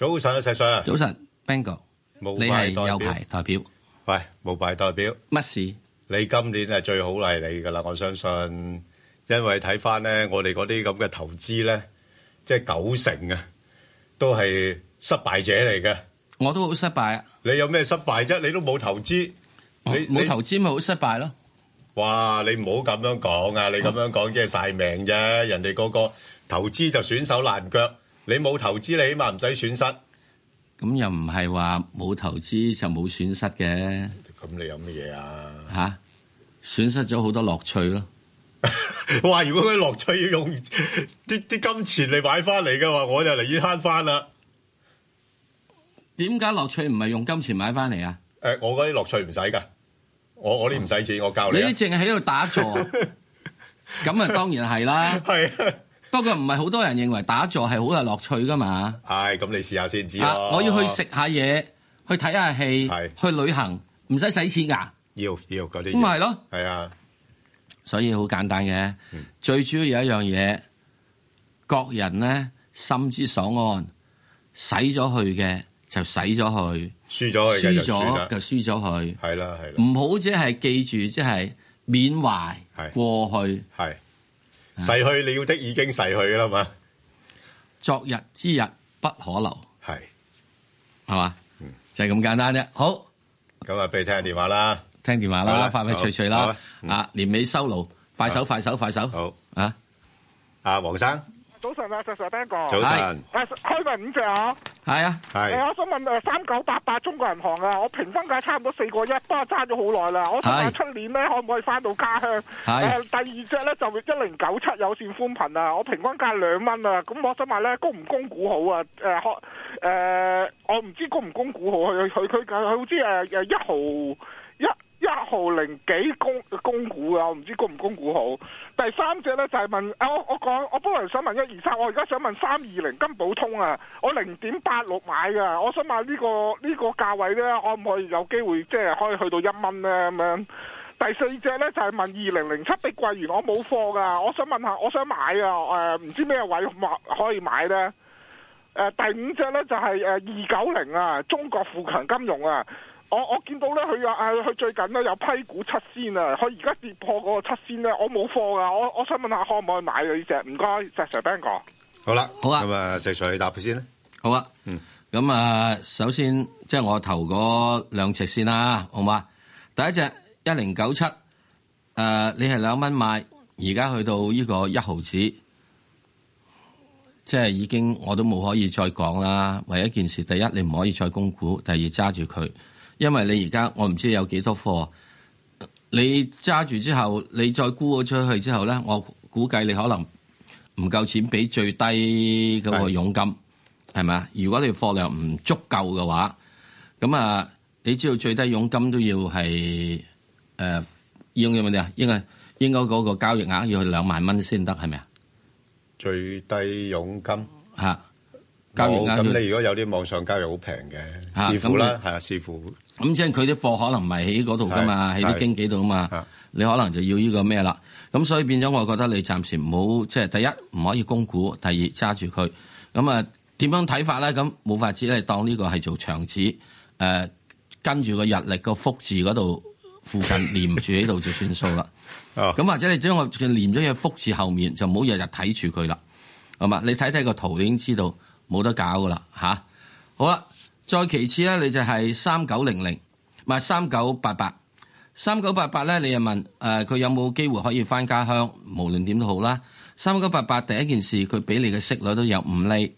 早晨，石 sir 啊！早晨，Bingo，你係有牌代表。喂，無牌代表。乜事？你今年係最好係你噶啦，我相信。因為睇翻咧，我哋嗰啲咁嘅投資咧，即係九成啊，都係失敗者嚟嘅。我都好失敗啊。你有咩失敗啫？你都冇投資，你冇投資咪好失敗咯。哇！你唔好咁樣講啊！你咁樣講即係晒命啫。人哋個個投資就損手爛腳。你冇投資，你起碼唔使損失。咁又唔係話冇投資就冇損失嘅。咁你有乜嘢啊？吓、啊，損失咗好多樂趣咯。話 如果嗰啲樂趣要用啲啲金錢嚟買翻嚟嘅話，我就寧願慳翻啦。點解樂趣唔係用金錢買翻嚟啊？誒、呃，我嗰啲樂趣唔使噶，我我啲唔使錢、嗯，我教你。你淨係喺度打坐，咁 啊，當然係啦。係啊。不過唔係好多人認為打坐係好有樂趣噶嘛？係、哎、咁，你試下先知、啊、我要去食下嘢，去睇下戲，去旅行，唔使使錢噶。要要嗰啲咁咪咯？係、就是、啊，所以好簡單嘅、嗯，最主要有一樣嘢，各人咧心之所安，使咗去嘅就使咗去，輸咗去輸咗就輸咗去，係啦係啦，唔好、啊、只係記住即係緬懷過去係。逝去了的已經逝去啦嘛，昨日之日不可留，係係嘛，就係、是、咁簡單啫。好，咁啊俾你聽下電話啦，聽電話啦，快快脆脆啦，啊年、啊、尾收樓，快手快手快手，好，手手好啊，阿、啊、黃生。早晨啊，石石彬哥。早晨。但開埋五隻啊。係啊。係、啊啊呃。我想問誒，三九八八中國銀行啊，可可啊、呃、1097，啊，我平均價差唔多四個一，不過揸咗好耐啦。我想問出年咧，可唔可以返到家鄉？係。第二隻咧就一零九七有線寬頻啊，我平均價兩蚊啊，咁我想問咧，供唔供股好啊？誒、呃，誒、呃，我唔知供唔供股好。佢佢佢佢好似誒誒，一毫一。一毫零幾供供，供股啊！我唔知供唔供股好。第三隻呢就係、是、問，我我講，我本來想問一二三，我而家想問三二零金寶通啊，我零點八六買噶，我想問呢、這個呢、這個價位呢，可唔可以有機會即係可以去到一蚊呢？咁樣？第四隻呢就係、是、問二零零七碧桂園，我冇貨噶，我想問下，我想買啊，誒、呃、唔知咩位可以買呢？誒、呃，第五隻呢就係誒二九零啊，中國富強金融啊。我我見到咧，佢啊，誒，佢最近咧有批股七仙啊。佢而家跌破個七仙咧，我冇貨噶。我我想問下可唔可以買佢呢隻？唔該，石 sir、Bang 哥。好啦，好啦咁啊，石 sir 你答佢先啦。好啊，嗯。咁啊，首先即係、就是、我投嗰兩隻先啦，好嘛？第一隻一零九七，誒、呃，你係兩蚊買，而家去到呢個一毫子，即、就、係、是、已經我都冇可以再講啦。唯一一件事，第一你唔可以再供股，第二揸住佢。因為你而家我唔知有幾多貨，你揸住之後，你再沽咗出去之後咧,我估計你可能唔夠錢俾最低嗰個佣金，係咪啊？如果你貨量唔足夠嘅話，咁啊，你知道最低佣金都要係誒，要要唔要啊？應該應該嗰個交易額要去兩萬蚊先得，係咪啊？最低佣金吓，交易額，咁你如果有啲網上交易好平嘅，師傅啦係啊，師傅、傅。咁即係佢啲貨可能唔係喺嗰度噶嘛，喺啲經紀度啊嘛，你可能就要呢個咩啦？咁所以變咗，我覺得你暫時唔好即係第一唔可以供股，第二揸住佢。咁啊點樣睇法咧？咁冇法子咧，當呢個係做牆紙，誒、呃、跟住個日曆、那個福字嗰度附近連住喺度就算數啦。咁 或者你將佢連咗喺個福字後面就唔好日日睇住佢啦。咁啊你睇睇個圖已經知道冇得搞噶啦、啊、好啦。再其次咧，你就係三九零零，唔係三九八八。三九八八咧，你又問誒，佢有冇機會可以返家鄉，無論點都好啦。三九八八第一件事，佢俾你嘅息率都有五厘。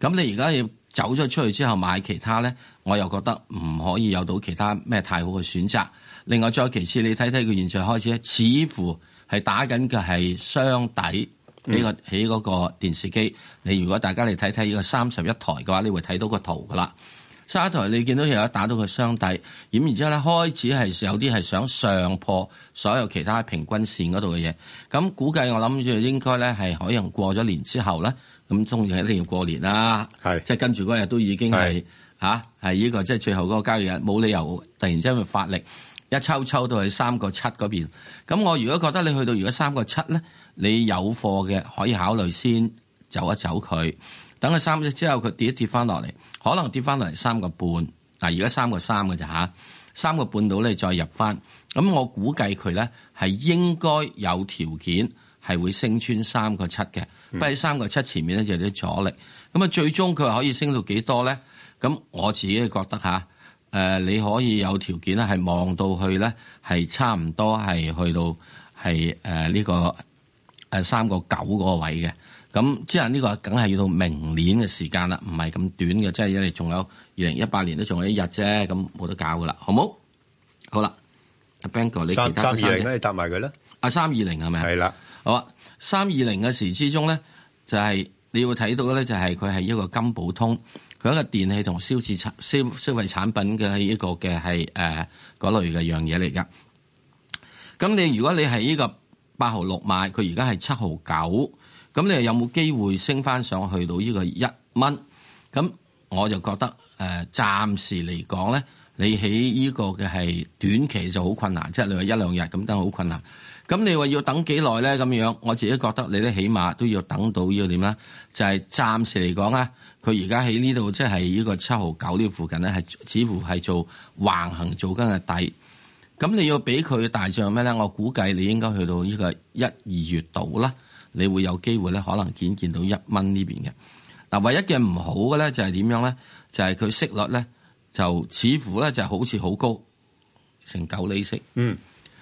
咁你而家要走咗出去之後買其他咧，我又覺得唔可以有到其他咩太好嘅選擇。另外再其次，你睇睇佢現在開始咧，似乎係打緊嘅係箱底。呢個起嗰個電視機、嗯，你如果大家嚟睇睇呢個三十一台嘅話，你會睇到個圖噶啦。沙台你見到有打到佢雙底，然然之後咧開始係有啲係想上破所有其他平均線嗰度嘅嘢，咁估計我諗住應該咧係可能過咗年之後咧，咁當然一定要過年啦，係即係跟住嗰日都已經係吓，係呢、啊這個即係最後嗰個交易日，冇理由突然之間會發力一抽抽到去三個七嗰邊，咁我如果覺得你去到如果三個七咧，你有貨嘅可以考慮先走一走佢，等佢三日之後佢跌一跌翻落嚟。可能跌翻嚟三個半，嗱而家三個三嘅咋嚇，三個半到咧再入翻，咁我估計佢咧係應該有條件係會升穿三個七嘅，不過三個七前面咧就有啲阻力，咁啊最終佢可以升到幾多咧？咁我自己覺得下，誒你可以有條件咧係望到去咧係差唔多係去到係誒呢個誒三個九嗰個位嘅。咁即係呢個，梗係要到明年嘅時間啦，唔係咁短嘅，即係因為仲有二零一八年都仲有一日啫，咁冇得搞噶啦，好唔好？好啦，阿 Ben 哥，你其他嘅三三二零，3, 2, 0, 你答埋佢啦。阿三二零係咪啊？係啦，好啊。三二零嘅時之中咧，就係、是、你要睇到嘅、就、咧、是，就係佢係一個金寶通，佢一個電器同消費產消消費產品嘅一個嘅係誒嗰類嘅樣嘢嚟噶。咁你如果你係呢個八毫六賣，佢而家係七毫九。咁你又有冇機會升翻上去到呢個一蚊？咁我就覺得誒，暫時嚟講咧，你喺呢個嘅係短期就好困難，即係你話一兩日咁等好困難。咁你話要等幾耐咧？咁樣我自己覺得你咧起碼都要等到要呢個點咧，就係暫時嚟講啦，佢而家喺呢度即係呢個七毫九呢附近咧，係似乎係做橫行做緊嘅底。咁你要俾佢大象咩咧？我估計你應該去到呢個一二月度啦。你會有機會咧，可能見見到一蚊呢邊嘅。嗱，唯一嘅唔好嘅咧就係點樣咧？就係、是、佢息率咧，就似乎咧就好似好高，成九厘息。嗯，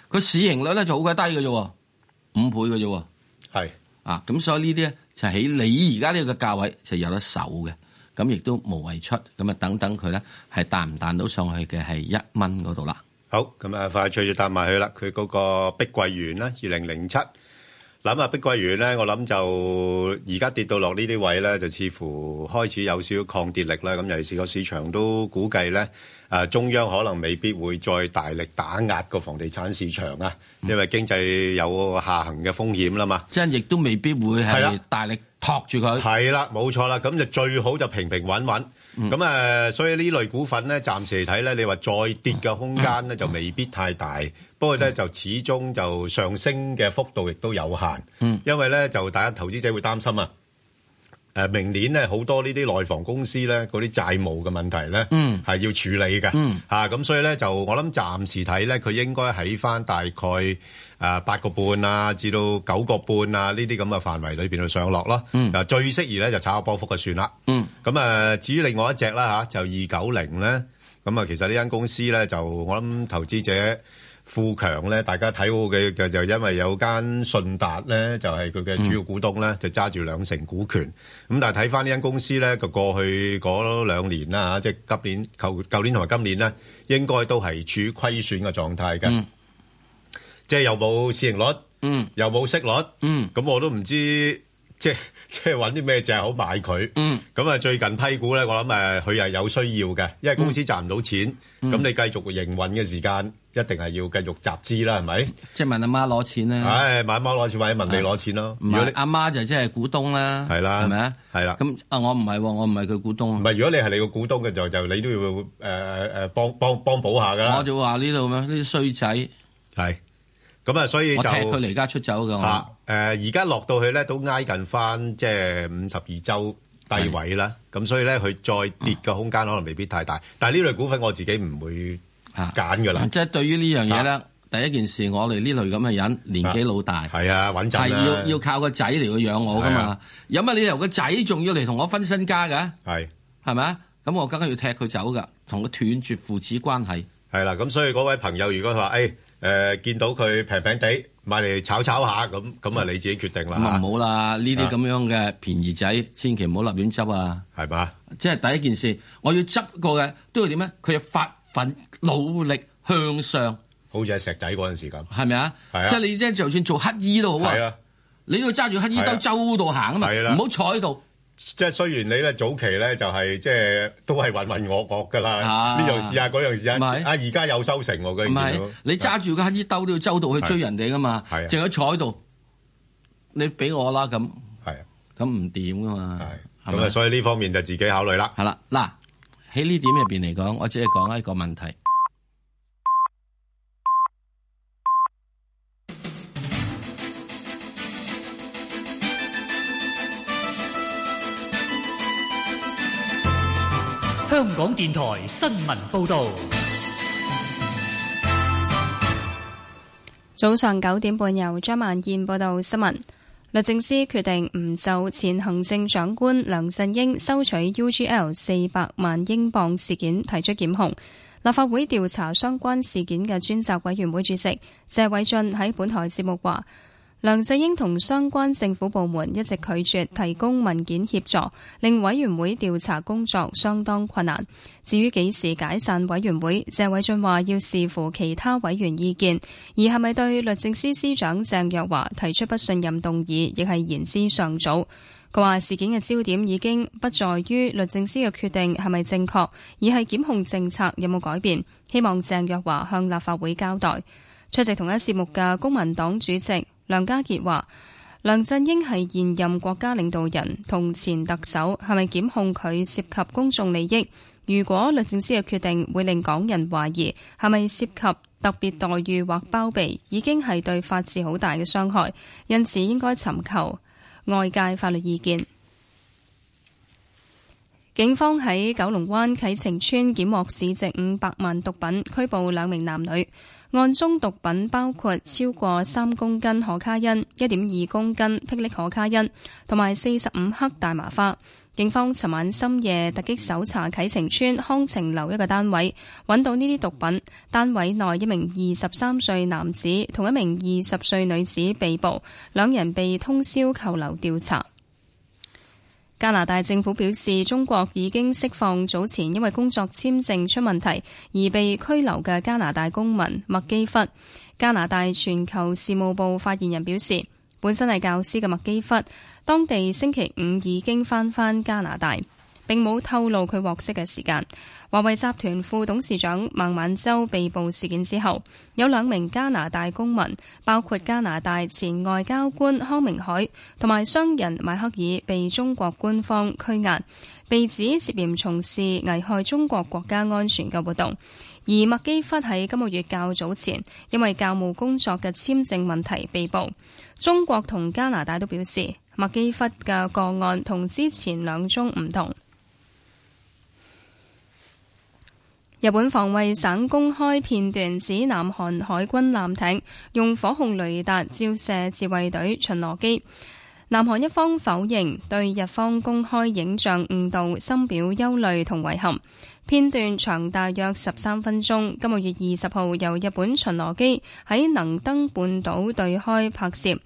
佢市盈率咧就好鬼低嘅啫，五倍嘅啫。係啊，咁所以呢啲咧就喺你而家呢個價位就有得手嘅，咁亦都無謂出。咁啊，等等佢咧係彈唔彈到上去嘅係一蚊嗰度啦。好，咁啊，快脆要搭埋去啦。佢嗰個碧桂園啦，二零零七。諗下碧桂園咧，我諗就而家跌到落呢啲位咧，就似乎開始有少少抗跌力啦。咁尤其是個市場都估計咧，誒中央可能未必會再大力打壓個房地產市場啊，因為經濟有下行嘅風險啦嘛。即係亦都未必會係大力托住佢。係啦，冇錯啦，咁就最好就平平穩穩。咁、嗯、啊，所以呢類股份呢，暫時嚟睇呢，你話再跌嘅空間呢，就未必太大，不過呢，就始終就上升嘅幅度亦都有限，因為呢，就大家投資者會擔心啊。誒明年咧，好多呢啲內房公司咧，嗰啲債務嘅問題咧，係要處理嘅嚇，咁、嗯嗯、所以咧就我諗暫時睇咧，佢應該喺翻大概誒八個半啊，至到九個半啊，呢啲咁嘅範圍裏面去上落咯，啊、嗯、最適宜咧，就炒下波幅嘅算啦。咁、嗯、啊至於另外一隻啦嚇，就二九零咧，咁啊其實呢間公司咧，就我諗投資者。富強咧，大家睇好嘅就因為有間信達咧，就係佢嘅主要股東咧，就揸住兩成股權。咁但係睇翻呢間公司咧，就過去嗰兩年啦，吓即係今年、舊舊年同埋今年咧，應該都係處於虧損嘅狀態嘅。即係又冇市盈率，嗯，又冇息率，嗯，咁我都唔知即係即係搵啲咩借口買佢。咁啊，最近批股咧，我諗誒佢係有需要嘅，因為公司賺唔到錢，咁你繼續營運嘅時間。一定係要繼續集資啦，係咪？即係問阿媽攞錢啦。誒、哎，問阿媽攞錢或者問你攞錢咯。如果你阿媽，媽就即係股東啦，係啦，係咪啊？係啦。咁啊，我唔係喎，我唔係佢股東。唔係，如果你係你個股東嘅就就你都要誒誒幫幫幫幫，幫補下㗎。我就話呢度咩？呢啲衰仔係咁啊！所以就佢離家出走㗎。嚇誒，而家落到去咧都挨近翻即係五十二周低位啦。咁所以咧，佢再跌嘅空間可能未必太大。嗯、但係呢類股份我自己唔會。吓揀噶啦，即係對於呢樣嘢咧，第一件事我哋呢類咁嘅人年紀老大，係啊穩、啊、要要靠個仔嚟去養我噶嘛。啊、有乜理由個仔仲要嚟同我分身家噶？係係咪啊？咁我更加要踢佢走噶，同佢斷絕父子關係。係啦、啊，咁所以嗰位朋友如果話誒誒見到佢平平地買嚟炒炒下，咁咁啊你自己決定啦，唔好啦，呢啲咁樣嘅便宜仔，千祈唔好立亂執啊。係咪？即係第一件事，我要執過嘅都要點咧？佢要發。份努力向上，好似喺石仔嗰陣時咁，係咪啊？即、就、係、是、你即就算做乞衣都好啊，你都要揸住乞衣兜周度行啊嘛，唔好、啊、坐喺度。即係雖然你咧早期咧就係即係都係渾渾噩噩噶啦，呢樣試下嗰樣試下，啊而家有收成，佢唔係你揸住個乞衣兜都要周度去追、啊、追人哋噶嘛，淨係、啊、坐喺度，你俾我啦咁，咁唔掂噶嘛。咁啊是是，所以呢方面就自己考慮啦。係啦、啊，嗱。喺呢點入邊嚟講，我只係講一個問題。香港電台新聞報道。早上九點半，由張萬燕報道新聞。律政司決定唔就前行政長官梁振英收取 UGL 四百萬英鎊事件提出檢控。立法會調查相關事件嘅專責委員會主席謝偉俊喺本台節目話，梁振英同相關政府部門一直拒絕提供文件協助，令委員會調查工作相當困難。至於幾時解散委員會，謝偉俊話要視乎其他委員意見，而係咪對律政司司長鄭若驊提出不信任動議，亦係言之尚早。佢話事件嘅焦點已經不在於律政司嘅決定係咪正確，而係檢控政策有冇改變。希望鄭若驊向立法會交代。出席同一節目嘅公民黨主席。梁家傑話：梁振英係現任國家領導人，同前特首係咪檢控佢涉及公眾利益？如果律政司嘅決定會令港人懷疑係咪涉及特別待遇或包庇，已經係對法治好大嘅傷害。因此應該尋求外界法律意見。警方喺九龍灣啟晴邨檢獲市值五百萬毒品，拘捕兩名男女。案中毒品包括超過三公斤可卡因、一點二公斤霹靂可卡因同埋四十五克大麻花。警方尋晚深夜突擊搜查啟晴邨康晴樓一個單位，揾到呢啲毒品。單位內一名二十三歲男子同一名二十歲女子被捕，兩人被通宵扣留調查。加拿大政府表示，中國已經釋放早前因為工作簽證出問題而被拘留嘅加拿大公民麥基弗。加拿大全球事務部發言人表示，本身係教師嘅麥基弗，當地星期五已經翻返加拿大。並冇透露佢獲釋嘅時間。華為集團副董事長孟晚舟被捕事件之後，有兩名加拿大公民，包括加拿大前外交官康明凱同埋商人邁克爾，被中國官方拘押，被指涉嫌從事危害中國國家安全嘅活動。而麥基弗喺今個月較早前，因為教務工作嘅簽證問題被捕。中國同加拿大都表示，麥基弗嘅個案同之前兩宗唔同。日本防衛省公開片段，指南韓海軍艦艇用火控雷達照射自衛隊巡邏機，南韓一方否認，對日方公開影像誤導深表憂慮同遺憾。片段長大約十三分鐘，今個月二十號由日本巡邏機喺能登半島對開拍攝。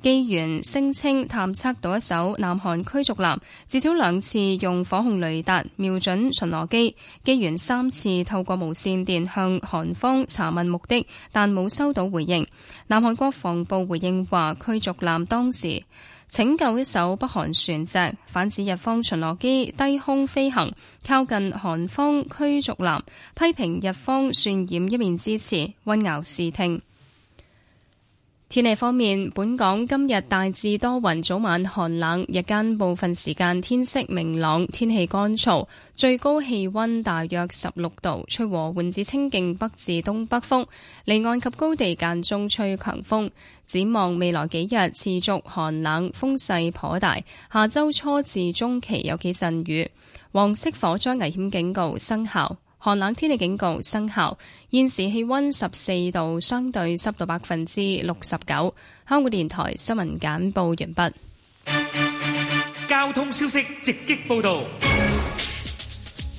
機員聲稱探測到一艘南韓驅逐艦，至少兩次用火控雷達瞄準巡邏機。機員三次透過無綫電向韓方查問目的，但冇收到回應。南韓國防部回應話，驅逐艦當時拯救一艘北韓船隻，反指日方巡邏機低空飛行靠近韓方驅逐艦，批評日方渲染一面之詞，混淆視聽。天氣方面，本港今日大致多雲，早晚寒冷，日間部分時間天色明朗，天氣乾燥，最高氣溫大約十六度，吹和緩至清勁北至東北風，離岸及高地間中吹強風。展望未來幾日持續寒冷，風勢頗大，下周初至中期有幾陣雨，黃色火災危險警告生效。寒冷天氣警告生效，現時氣溫十四度，相對濕度百分之六十九。香港電台新聞簡報完畢。交通消息直擊報道。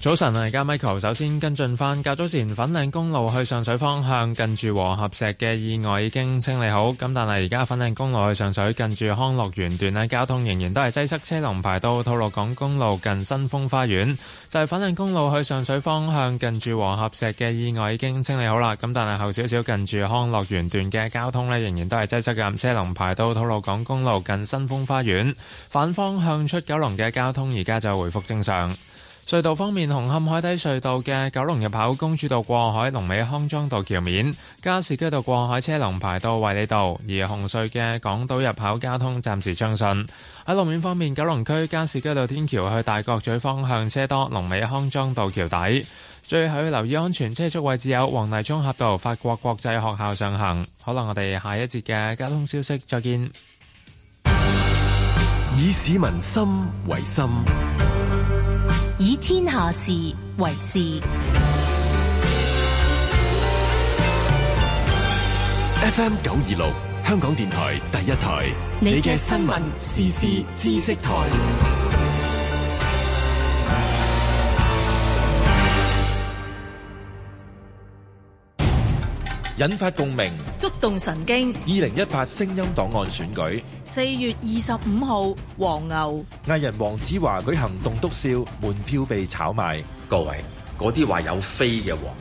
早晨，我哋而家 Michael，首先跟進翻較早前粉嶺公路去上水方向近住和合石嘅意外已經清理好，咁但係而家粉嶺公路去上水近住康樂園段呢，交通仍然都係擠塞，車龍排到吐露港公路近新豐花園。就係、是、粉嶺公路去上水方向近住和合石嘅意外已經清理好啦，咁但係後少少近住康樂園段嘅交通呢，仍然都係擠塞嘅，車龍排到吐露港公路近新豐花園。反方向出九龍嘅交通而家就回復正常。隧道方面，紅磡海底隧道嘅九龍入口公主道過海，龍尾康莊道橋面；加士居道過海車龍排到衛理道，而紅隧嘅港島入口交通暫時暢順。喺路面方面，九龍區加士居道天橋去大角咀方向車多，龍尾康莊道橋底。最後要留意安全車速位置有黃泥涌峽道、法國國際學校上行。好啦，我哋下一節嘅交通消息再見。以市民心為心。天下事為事，FM 九二六香港電台第一台，你嘅新聞時事知識台。引發共鳴，觸動神經。二零一八聲音檔案選舉，四月二十五號，黃牛藝人黃子華舉行棟篤笑，門票被炒賣。各位，嗰啲話有飛嘅黃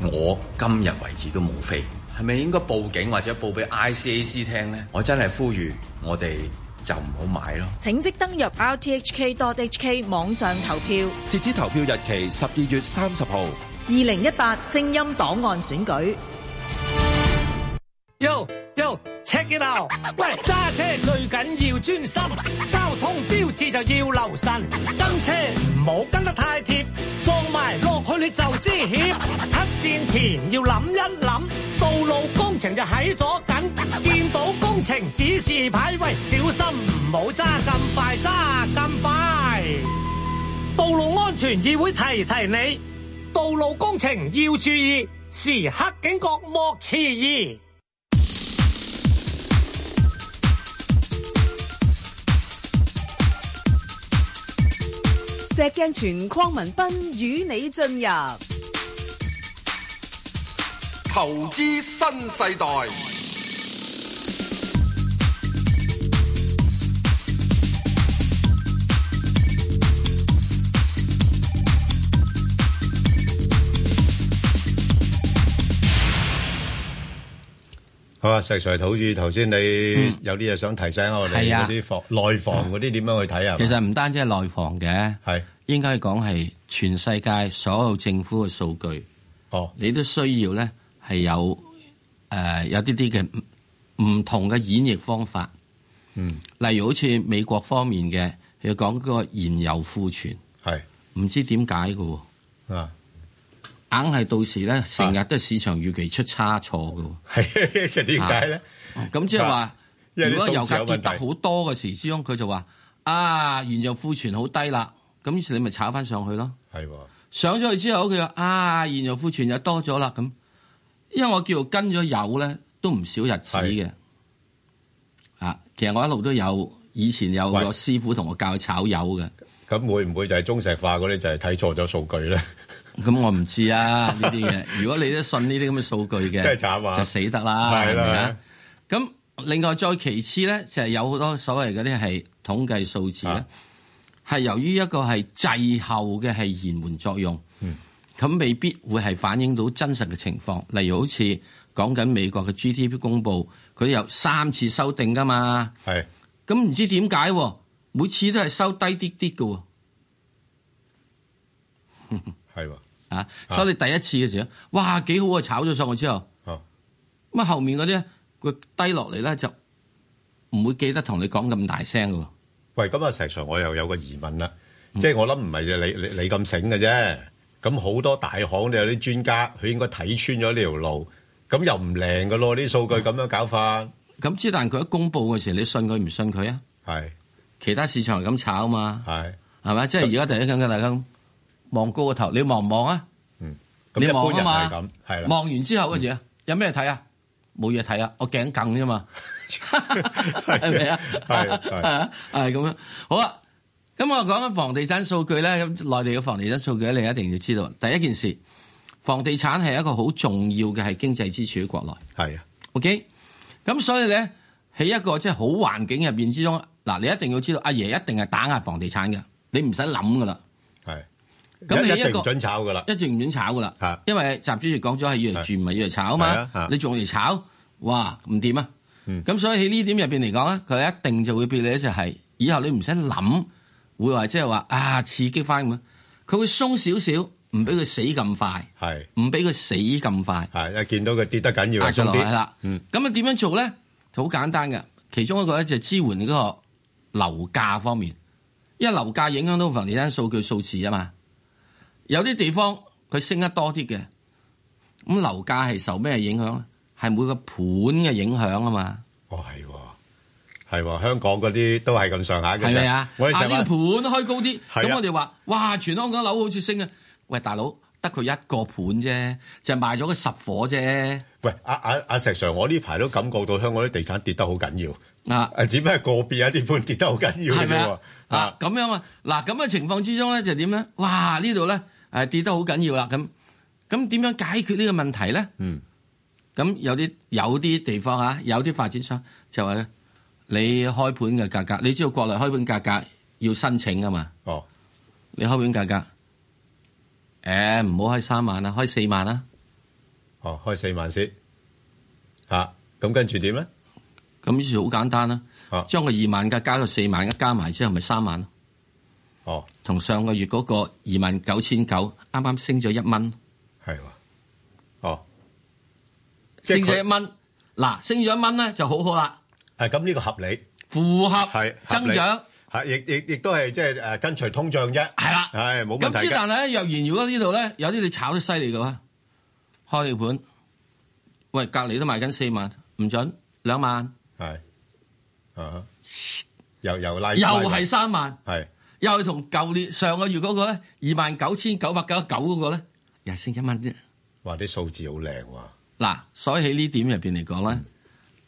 牛，我今日為止都冇飛。係咪應該報警或者報俾 ICAC 聽呢？我真係呼籲，我哋就唔好買咯。請即登入 rthk.hk 網上投票，截止投票日期十二月三十號。二零一八聲音檔案選舉。喲喲，check it out 喂，揸車最緊要專心，交通標誌就要留神，跟車唔好跟得太貼，撞埋落去你就知險。黑線前要諗一諗，道路工程就喺左近，見到工程指示牌喂，小心唔好揸咁快，揸咁快。道路安全議會提提你，道路工程要注意，時刻警覺莫遲疑。石鏡泉鄺民彬與你進入投資新世代。好啊！石財，好似頭先你有啲嘢想提醒我哋嗰啲防內防嗰啲點樣去睇啊？其實唔單止係內防嘅，係應該講係全世界所有政府嘅數據。哦，你都需要咧，係、呃、有誒有啲啲嘅唔同嘅演繹方法。嗯，例如好似美國方面嘅，佢講嗰個燃油庫存係唔知點解㗎，啊。硬係到時咧，成日都係市場預期出差錯嘅。係、啊，呢啊、就點解咧？咁即係話，如果油價跌得好多嘅時之中，佢就話：啊，原油庫存好低啦。咁於是你咪炒翻上去咯。係喎、啊，上咗去之後，佢就：「啊，原油庫存又多咗啦。咁，因為我叫做跟咗油咧，都唔少日子嘅。啊，其實我一路都有，以前有個師傅同我教炒油嘅。咁會唔會就係中石化嗰啲就係睇錯咗數據咧？咁我唔知啊呢啲嘢，如果你都信呢啲咁嘅數據嘅，啊，就死得啦。係啦，咁另外再其次咧，就係、是、有好多所謂嗰啲係統計數字咧，係、啊、由於一個係滯後嘅係延緩作用，咁、嗯、未必會係反映到真實嘅情況。例如好似講緊美國嘅 GDP 公布，佢有三次修訂噶嘛，係咁唔知點解，啊，每次都係收低啲啲嘅，係 喎。所以你第一次嘅時候，哇，幾好啊！炒咗上去之後，咁啊，後面嗰啲佢低落嚟咧就唔會記得同你講咁大聲嘅。喂，咁啊，石 Sir 我又有個疑問啦、嗯，即係我諗唔係你你你咁醒嘅啫，咁好多大行都有啲專家，佢應該睇穿咗呢條路，咁又唔靈嘅咯？啲數據咁樣搞法，咁、啊、之但佢一公佈嘅時候，你信佢唔信佢啊？係，其他市場係咁炒嘛？係，係咪？即係而家第一根嘅大家。望高個頭，你望唔望啊？嗯，嗯你望啊嘛。係、嗯、咁，係啦。望完之後嘅、嗯、啊，有咩睇啊？冇嘢睇啊，我頸梗啫嘛，係咪啊？係係啊，係咁樣。好啊，咁、嗯、我講緊房地產數據咧。咁內地嘅房地產數據你一定要知道。第一件事，房地產係一個好重要嘅係經濟支柱喺國內。係啊，OK。咁所以咧喺一個即係、就是、好環境入邊之中，嗱，你一定要知道，阿爺一定係打壓房地產嘅，你唔使諗噶啦。嗯咁你一個一定唔准炒噶啦，一定唔准炒噶啦，啊，因為習主席講咗係要嚟住唔係要嚟炒啊嘛。啊啊你仲嚟炒，哇唔掂啊！咁、嗯、所以喺呢點入面嚟講咧，佢一定就會俾你一隻係，以後你唔使諗會話，即係話啊刺激翻咁啊，佢會鬆少少，唔俾佢死咁快，係唔俾佢死咁快。係一見到佢跌得緊要，係鬆啲係啦。咁啊點、啊啊啊嗯、樣做咧？好簡單嘅，其中一個咧就支援嗰個樓價方面，因為樓價影響到房地產數據數字啊嘛。有啲地方佢升得多啲嘅，咁樓價係受咩影響咧？係每個盤嘅影響啊嘛。哦係，係、哦哦、香港嗰啲都係咁上下嘅。係咪啊？呢啲盤開高啲，咁、啊、我哋話、啊、哇，全香港樓好似升啊！喂，大佬，得佢一個盤啫，就是、賣咗個十火啫。喂，阿啊阿、啊、石 Sir，我呢排都感覺到香港啲地產跌得好緊要啊！只不過個別一啲盤跌得好緊要啊。咁、啊啊、樣啊，嗱咁嘅情況之中咧，就點咧？哇呢度咧！誒，跌得好緊要啦！咁咁點樣解決呢個問題咧？嗯，咁有啲有啲地方吓、啊，有啲發展商就話你開盤嘅價格，你知道國內開盤價格要申請㗎嘛？哦，你開盤價格，誒、欸，唔好開三萬啦，開四萬啦。哦，開四萬先吓，咁跟住點咧？咁於是好簡單啦、啊，將個二萬價加到四萬一加埋之後，咪三萬咯。哦，同上個月嗰個二萬九千九，啱啱升咗一蚊，係喎，哦，升咗一蚊，嗱，升咗一蚊咧就好好啦。係咁呢個合理，符合增長，係亦亦亦都係即係誒跟隨通脹啫。係啦，係冇問題。咁之但係若然如果呢度咧有啲你炒得犀利嘅話，開個盤，喂隔籬都賣緊四萬，唔准兩萬，係啊，又又拉，又係三萬，係。又係同舊年上個月嗰個咧，二萬九千九百九十九嗰個咧，又升一蚊啫。哇！啲數字好靚喎！嗱、啊，所以喺呢點入邊嚟講咧，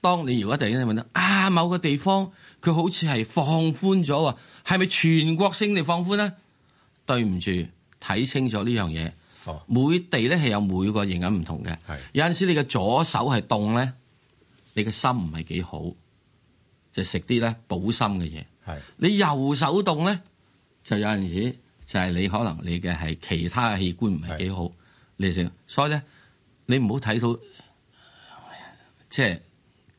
當你如果突然間問到啊，某個地方佢好似係放寬咗喎，係咪全國性地放寬咧？對唔住，睇清楚呢樣嘢。哦，每地咧係有每個型咁唔同嘅。係，有陣時你嘅左手係凍咧，你嘅心唔係幾好，就食啲咧補心嘅嘢。係，你右手凍咧。就有陣時就係你可能你嘅係其他嘅器官唔係幾好，你成所以咧，你唔好睇到即係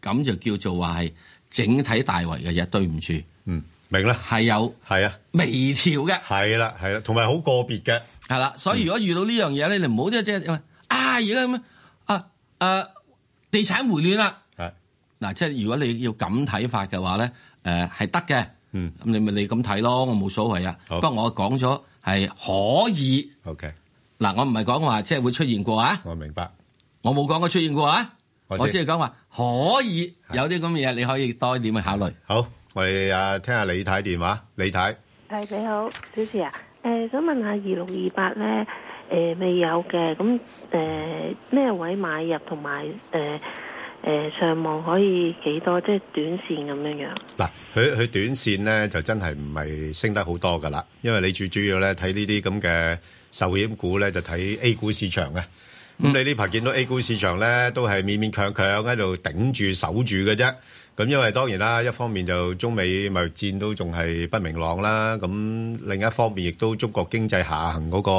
咁就叫做話係整體大圍嘅嘢，對唔住，嗯，明啦，係有，係啊，微調嘅，係啦，係啦，同埋好個別嘅，係啦，所以如果遇到呢樣嘢咧，你唔好即即係啊，而家咁樣啊啊，地產回暖啦，係嗱，即係如果你要咁睇法嘅話咧，誒係得嘅。嗯，咁你咪你咁睇咯，我冇所謂啊。不過我講咗係可以。O K，嗱，我唔係講話即係會出現過啊。我明白，我冇講過出現過啊。我只係講話可以有啲咁嘅嘢，你可以多一點去考慮。好，我哋啊聽下李太電話。李太係，你好，小史啊，誒，想問下二六二八咧，誒，未有嘅，咁誒咩位買入同埋誒？誒上望可以幾多？即係短線咁樣樣。嗱，佢，佢短線咧就真係唔係升得好多噶啦，因為你最主要咧睇呢啲咁嘅壽險股咧，就睇 A 股市場嘅。咁你呢排見到 A 股市場咧都係勉勉強強喺度頂住守住嘅啫。咁因為當然啦，一方面就中美貿易戰都仲係不明朗啦，咁另一方面亦都中國經濟下行嗰個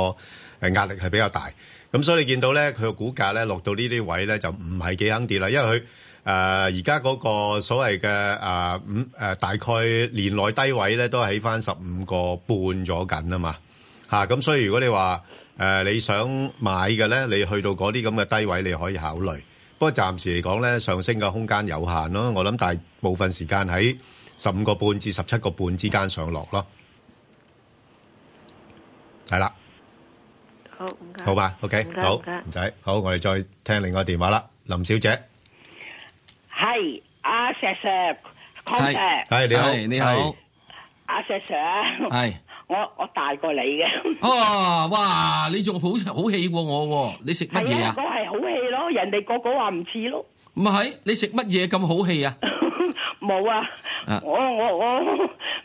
誒壓力係比較大。咁所以你見到咧，佢個股價咧落到呢啲位咧，就唔係幾肯跌啦。因為佢誒而家嗰個所謂嘅誒五誒大概年內低位咧，都喺起翻十五個半咗緊啊嘛嚇。咁所以如果你話誒、呃、你想買嘅咧，你去到嗰啲咁嘅低位，你可以考慮。不過暫時嚟講咧，上升嘅空間有限咯。我諗大部分時間喺十五個半至十七個半之間上落咯。係啦。好，好吧，OK，好，唔使，好，我哋再聽另外個電話啦，林小姐，係阿石石，係係，你好，你好，阿石石，係我我大過你嘅。哦，哇，你仲好好氣過我，你食乜嘢啊？我係好氣咯，人哋個個話唔似咯，唔係。你食乜嘢咁好氣啊？冇啊，我我我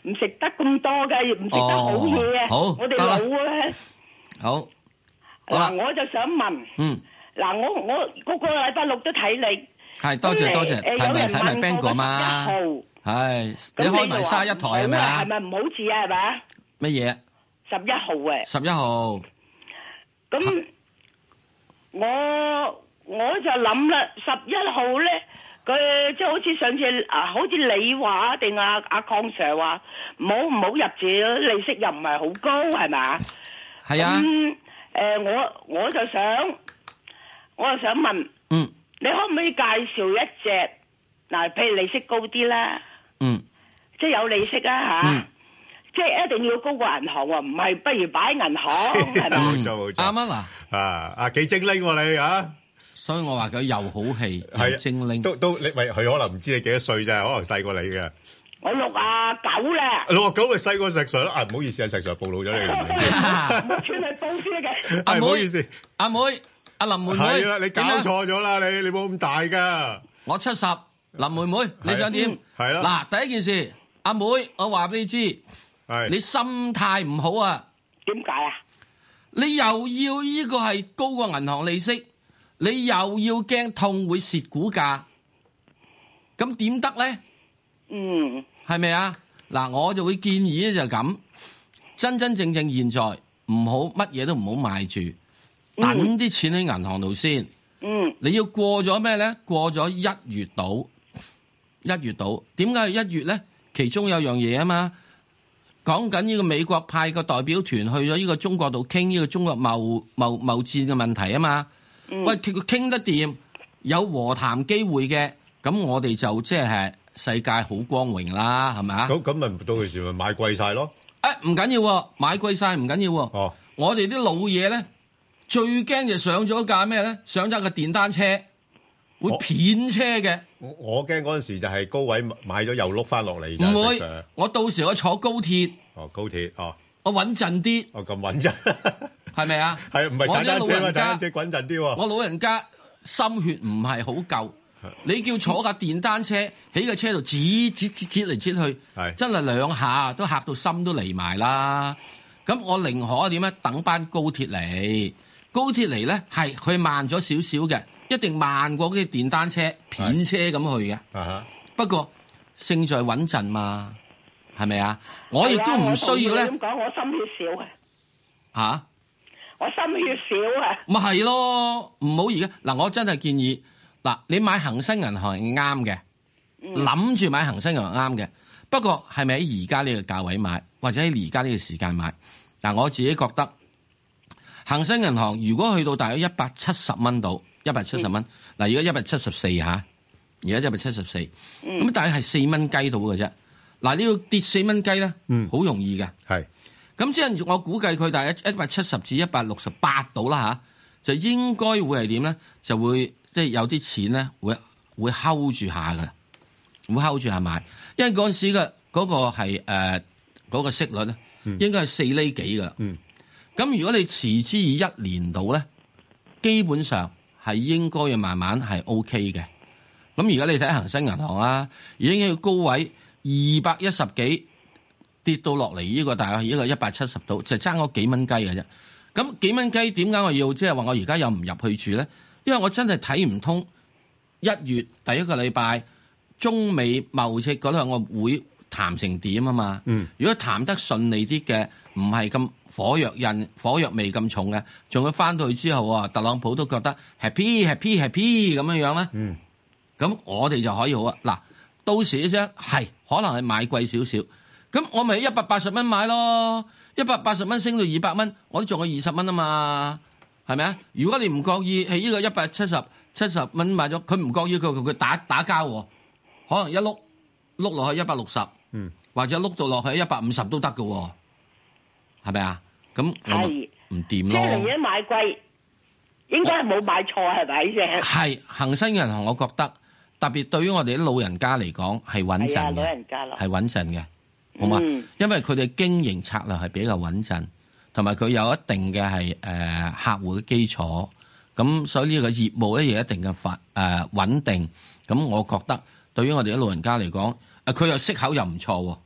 唔食得咁多嘅，唔食得好嘢啊，好，我哋老啦，好。嗱，我就想問，嗯，嗱，我我個個禮拜六都睇你，係多謝多謝，睇埋睇埋彬哥嘛，一號，係，咁你話係咪唔好字啊？係咪，乜嘢？十一號誒，十一號，咁我我就諗啦，十一號咧，佢即係好似上次啊，好似你話定阿阿鄺 Sir 話，唔好唔好入字，利息又唔係好高，係咪？係啊。誒，我我就想，我就想問，嗯，你可唔可以介紹一隻嗱，譬如利息高啲啦，嗯，即係有利息啊吓，即係一定要高過銀行啊，唔係不如擺喺銀行係咪？冇錯冇錯，啱啱啊，啊啊幾精靈喎你啊，所以我話佢又好氣，好精靈，都都你咪佢可能唔知你幾多歲咋，可能細過你嘅。我六啊九咧，六啊九係細過石 Sir 啦，啊唔好意思啊，石 Sir 暴露咗你，穿係布料嘅，啊唔好意思，阿妹，阿林妹妹，係啦，你搞錯咗啦，你你冇咁大噶，我七十，林妹妹你想點？係啦，嗱，第一件事，阿妹，我話俾你知，係你心態唔好啊，點解啊？你又要呢個係高過銀行利息，你又要驚痛會蝕股價，咁點得咧？嗯。係咪啊？嗱，我就會建議咧，就咁真真正正現在唔好乜嘢都唔好買住，等啲錢喺銀行度先。嗯，你要過咗咩咧？過咗一月度，一月度。點解係一月咧？其中有樣嘢啊嘛，講緊呢個美國派個代表團去咗呢個中國度傾呢個中國貿貿貿，貿戰嘅問題啊嘛、嗯。喂，佢傾得掂，有和談機會嘅，咁我哋就即、就、係、係。世界好光榮啦，係咪啊？咁咁咪到時咪買貴晒咯？誒唔緊要，買貴晒唔緊要。哦，我哋啲老嘢咧，最驚就上咗架咩咧？上咗架電單車會騙車嘅。我驚嗰陣時就係高位買咗又碌翻落嚟。唔會，我到時我坐高鐵。哦，高鐵哦，我穩陣啲。哦咁穩陣，係咪啊？係唔係踩車？踩車穩陣啲喎。我老人家心血唔係好夠。你叫坐架電單車喺個車度指指指折嚟折去，真係兩下都嚇到心都離埋啦。咁我寧可點咧等班高鐵嚟，高鐵嚟咧係佢慢咗少少嘅，一定慢過啲電單車片車咁去嘅。不過勝在穩陣嘛，係咪啊？我亦都唔需要咧。咁講？我心血少啊！吓！我心血少啊！咪係咯，唔好而家嗱，我真係建議。嗱，你買恒生銀行係啱嘅，諗住買恒生銀行啱嘅，不過係咪喺而家呢個價位買，或者喺而家呢個時間買？嗱，我自己覺得，恒生銀行如果去到大約一百七十蚊到一百七十蚊，嗱，嗯、如果一百七十四，一百七十四，而家一百七十四嚇，而家一百七十四，咁大約係四蚊雞到嘅啫。嗱，你要跌四蚊雞咧，好容易嘅，係、嗯。咁即係我估計佢大約一百七十至一百六十八度啦嚇，就應該會係點咧？就會。即係有啲錢咧，會會睺住下嘅，會睺住下，會 hold 住下買，因為嗰陣時嘅嗰個係誒嗰個息率咧，應該係四釐幾嘅。嗯。咁如果你持之以一年度咧，基本上係應該要慢慢係 O K 嘅。咁而家你睇恒生銀行啊，已經要高位二百一十幾跌到落嚟，呢個大概依個一百七十度就係爭嗰幾蚊雞嘅啫。咁幾蚊雞點解我要？即係話我而家又唔入去住咧？因為我真係睇唔通一月第一個禮拜中美貿易嗰度我會談成點啊嘛，如果談得順利啲嘅，唔係咁火藥印，火藥味咁重嘅，仲要翻到去之後啊，特朗普都覺得 happy happy happy 咁樣樣咧，咁、嗯、我哋就可以好啊。嗱，到時一聲係可能係買貴少少，咁我咪一百八十蚊買咯，一百八十蚊升到二百蚊，我都仲有二十蚊啊嘛。係咪啊？如果你唔覺意，喺、這、呢個一百七十七十蚊買咗，佢唔覺意，佢同佢打打交，可能一碌碌落去一百六十，或者碌到落去一百五十都得㗎，係咪啊？咁唔掂咯，一嚟嘢買貴，應該係冇買錯係咪先？係恒生銀行，我覺得特別對於我哋啲老人家嚟講係穩陣，老人家係穩陣嘅，好嘛、嗯？因為佢哋經營策略係比較穩陣。同埋佢有一定嘅係誒客戶嘅基礎，咁所以呢個業務咧亦一定嘅穩定。咁我覺得對於我哋啲老人家嚟講，佢又息口又唔錯喎。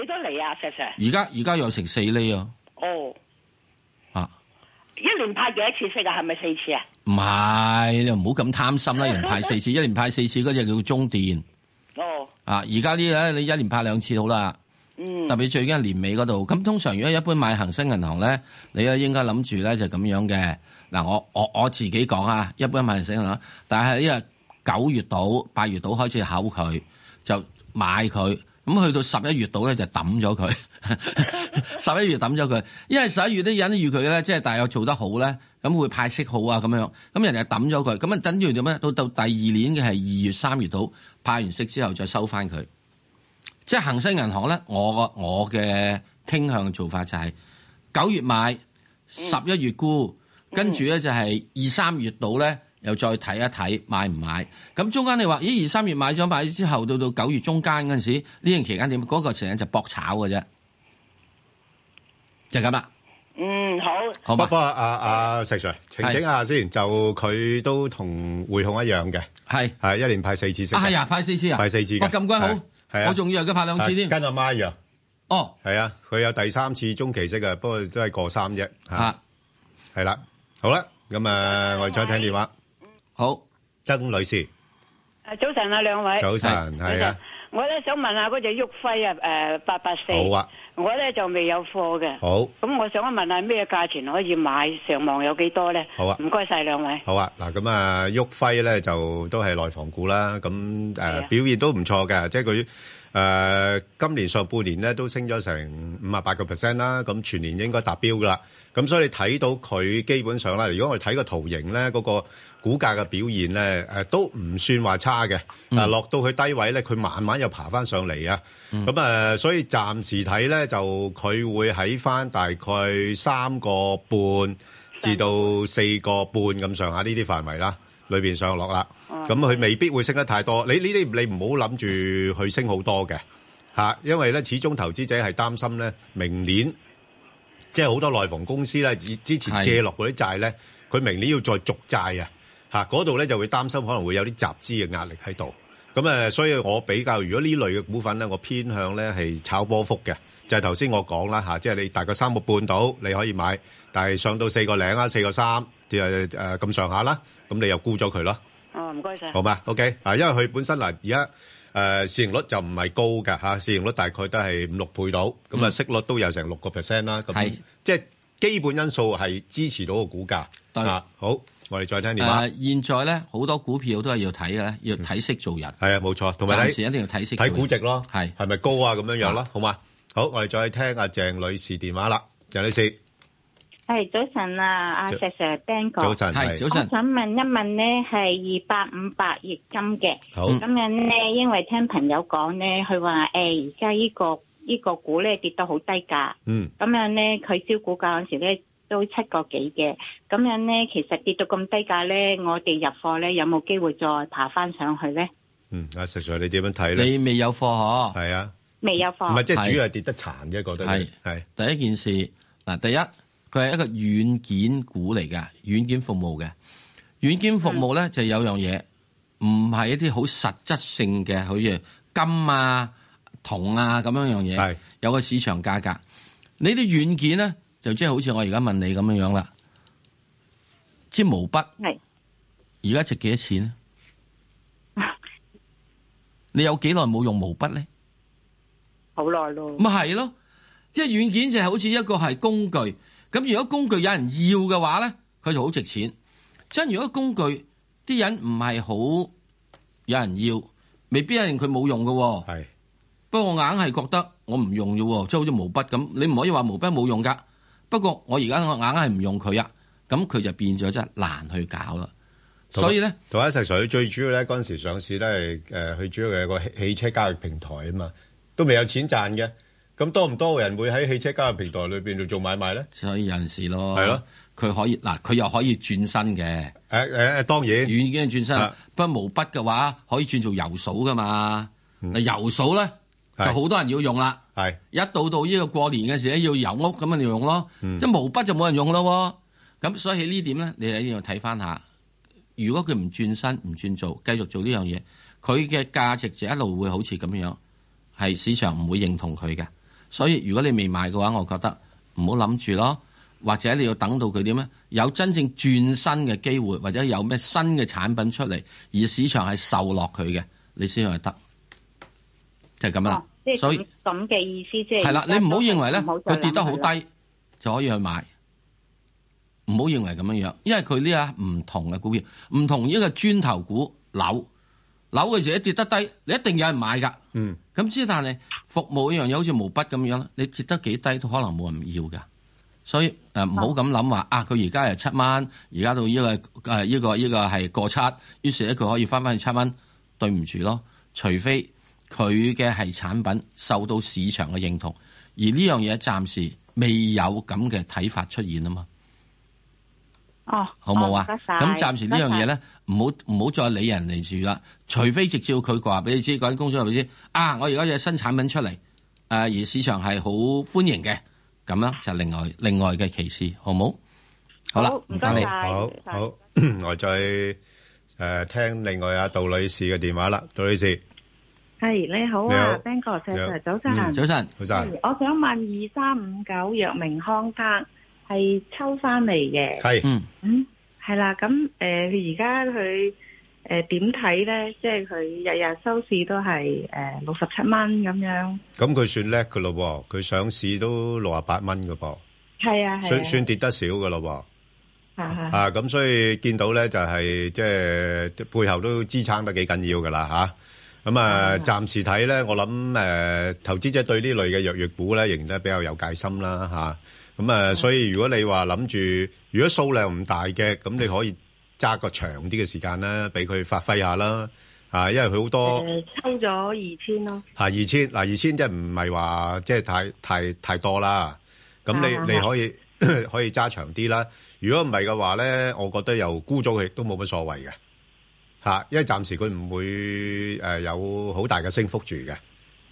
幾多釐啊？石 sir？而家而家又成四厘啊！哦、oh.，啊！一年派幾多次息啊？係咪四次啊？唔係，你唔好咁貪心啦！Oh, 人 so... 一年派四次，一年派四次嗰隻叫中電。哦、oh.。啊！而家呢咧，你一年派兩次好啦。特別最緊係年尾嗰度，咁通常如果一般買恒生銀行咧，你啊應該諗住咧就咁樣嘅。嗱，我我我自己講啊，一般買恒生銀行，但係呢個九月到八月到開始考佢就買佢，咁去到十一月到咧就抌咗佢。十 一月抌咗佢，因為十一月啲人預佢咧，即係大約做得好咧，咁會派息好啊咁樣，咁人哋抌咗佢，咁啊等住做咩？到到第二年嘅係二月三月到派完息之後再收翻佢。即係恒生銀行咧，我我嘅傾向做法就係、是、九月買，十一月沽，跟住咧就係二三月度咧又再睇一睇買唔買。咁中間你話咦，二三月買咗買之後，到到九月中間嗰陣時呢段期間點？嗰、那個成日就搏炒㗎啫，就咁、是、啦。嗯，好，好嘛。阿阿阿石 Sir，澄清下先，啊、就佢都同匯控一樣嘅，係係、啊啊、一年派四次息，係啊派四次啊，派四次嘅。哦、好。啊、我仲要係咁拍兩次添、啊，跟阿媽一樣。哦，係啊，佢有第三次中期息啊，不過都係過三啫。吓、啊，係、啊、啦、啊，好啦，咁啊，我哋再聽電話、啊。好，曾女士。誒，早晨啊，兩位。早晨，係啊。早晨我都想問下嗰隻旭輝啊，誒，八八四。好啊。我咧就未有貨嘅。好。咁我想問下咩價錢可以買？上望有幾多咧？好啊！唔該曬兩位。好啊。嗱，咁啊，旭輝咧就都係內房股啦。咁誒表現都唔錯嘅，即係佢誒今年上半年咧都升咗成五啊八個 percent 啦。咁全年應該達標㗎啦。咁所以你睇到佢基本上啦，如果我哋睇個圖形咧，嗰個。股價嘅表現咧，誒都唔算話差嘅。啊，落到去低位咧，佢慢慢又爬翻上嚟啊。咁啊，所以暫時睇咧，就佢會喺翻大概三個半至到四個半咁上下呢啲範圍啦，裏邊上落啦。咁佢未必會升得太多。你呢啲你唔好諗住佢升好多嘅吓，因為咧始終投資者係擔心咧明年，即係好多內房公司咧之前借落嗰啲債咧，佢明年要再續債啊。吓，嗰度咧就會擔心可能會有啲集資嘅壓力喺度，咁誒，所以我比較如果呢類嘅股份咧，我偏向咧係炒波幅嘅，就係頭先我講啦嚇，即係你大概三個半到你可以買，但係上到四個零啊，四個三，即係誒咁上下啦，咁你又沽咗佢咯。哦，唔該曬。好嘛，OK，嗱，因為佢本身嗱而家誒市盈率就唔係高嘅嚇，市盈率大概都係五六倍到，咁啊息率都有成六個 percent 啦，咁即係基本因素係支持到個股價。對，好。我哋再聽電話。誒，現在咧好多股票都係要睇嘅，要睇識做人。係啊，冇錯。同埋一定要睇識睇估值咯。係，係咪高啊？咁樣樣咯，好嘛？好，我哋再聽阿鄭女士電話啦。鄭女士，係早晨啊，阿石 sir，彬哥。早晨，係早晨。想問一問咧，係二八五八億金嘅。好。咁樣咧，因為聽朋友講咧，佢話誒，而家依個依個股咧跌到好低價。嗯。咁樣咧，佢招股價嗰時咧。都七個幾嘅，咁樣咧，其實跌到咁低價咧，我哋入貨咧有冇機會再爬翻上去咧？嗯，阿石 Sir，你點樣睇咧？你未有貨嗬？係啊，未有貨。唔係，即係主要係跌得殘嘅。覺得係係。第一件事嗱，第一，佢係一個軟件股嚟㗎，軟件服務嘅，軟件服務咧、嗯、就有樣嘢，唔係一啲好實質性嘅，好似金啊、銅啊咁樣樣嘢，係有個市場價格。你啲軟件咧？就即係好似我而家問你咁樣樣啦，即毛筆，而家值幾多錢？你有幾耐冇用毛筆呢？好耐咯。咪係咯，即係軟件就係好似一個係工具。咁如果工具有人要嘅話咧，佢就好值錢。即係如果工具啲人唔係好有人要，未必一定佢冇用嘅。係。不過我硬係覺得我唔用嘅，即係好似毛筆咁，你唔可以話毛筆冇用噶。不過我而家我硬係唔用佢啊，咁佢就變咗真係難去搞啦。所以咧，同一齊水最主要咧，嗰陣時上市都係誒，佢、呃、主要係個汽汽車交易平台啊嘛，都未有錢賺嘅。咁多唔多人會喺汽車交易平台裏邊度做買賣咧？所以有陣時咯，係咯，佢可以嗱，佢、啊、又可以轉身嘅。誒、啊、誒、啊啊，當然，軟件轉身，啊、不過毛筆嘅話可以轉做油數噶嘛？嗱、嗯，油數咧。就好多人要用啦，係一到到呢個過年嘅時候，要有屋咁咪要用咯，嗯、即係毛筆就冇人用咯，咁所以喺呢點咧，你喺呢度睇翻下，如果佢唔轉身唔轉做，繼續做呢樣嘢，佢嘅價值就一路會好似咁樣，係市場唔會認同佢嘅，所以如果你未買嘅話，我覺得唔好諗住咯，或者你要等到佢點咧，有真正轉身嘅機會，或者有咩新嘅產品出嚟，而市場係受落佢嘅，你先係得。就係咁啦，所以咁嘅意思即係係啦，你唔好認為咧，佢跌得好低就可以去買，唔好認為咁樣樣，因為佢呢下唔同嘅股票，唔同呢個磚頭股樓樓嘅時候跌得低，你一定有人買噶。嗯，咁之但係服務一樣嘢，好似毛筆咁樣，你跌得幾低都可能冇人要噶。所以誒，唔好咁諗話啊，佢而家係七蚊，而家到呢、呢個誒依、呢個依、呢個係過七，於是咧佢可以翻翻去七蚊，對唔住咯，除非。佢嘅係產品受到市場嘅認同，而呢樣嘢暫時未有咁嘅睇法出現啊嘛。哦，好冇啊！咁、哦、暫時呢樣嘢咧，唔好唔好再理人嚟住啦。除非直接佢話俾你知，嗰啲公司話俾你知啊，我而家有新產品出嚟，誒而市場係好歡迎嘅。咁啦，就另外另外嘅歧視，好冇？好啦，唔該你。好，好，謝謝。我再誒聽另外阿杜女士嘅電話啦，杜女士。係，你好啊，Ben 哥，謝謝。早晨，早晨，早晨。我想問二三五九藥明康德係抽翻嚟嘅，係嗯嗯係啦。咁誒，而家佢誒點睇咧？即係佢日日收市都係誒六十七蚊咁樣。咁佢算叻嘅咯，佢上市都六十八蚊嘅噃，係啊，算算跌得少嘅咯。啊啊咁，所以見到咧就係即係背後都支撐得幾緊要嘅啦吓。咁啊，暫時睇咧，我諗誒、啊、投資者對類藥藥呢類嘅弱弱股咧，仍然都係比較有戒心啦。咁啊，啊所以如果你話諗住，如果數量唔大嘅，咁你可以揸個長啲嘅時間咧，俾佢發揮下啦、啊、因為佢好多誒抽咗二千咯，二千嗱，二千即係唔係話即係太太太多啦。咁你你可以 可以揸長啲啦。如果唔係嘅話咧，我覺得又沽咗，亦都冇乜所謂嘅。吓，因為暫時佢唔會誒有好大嘅升幅住嘅，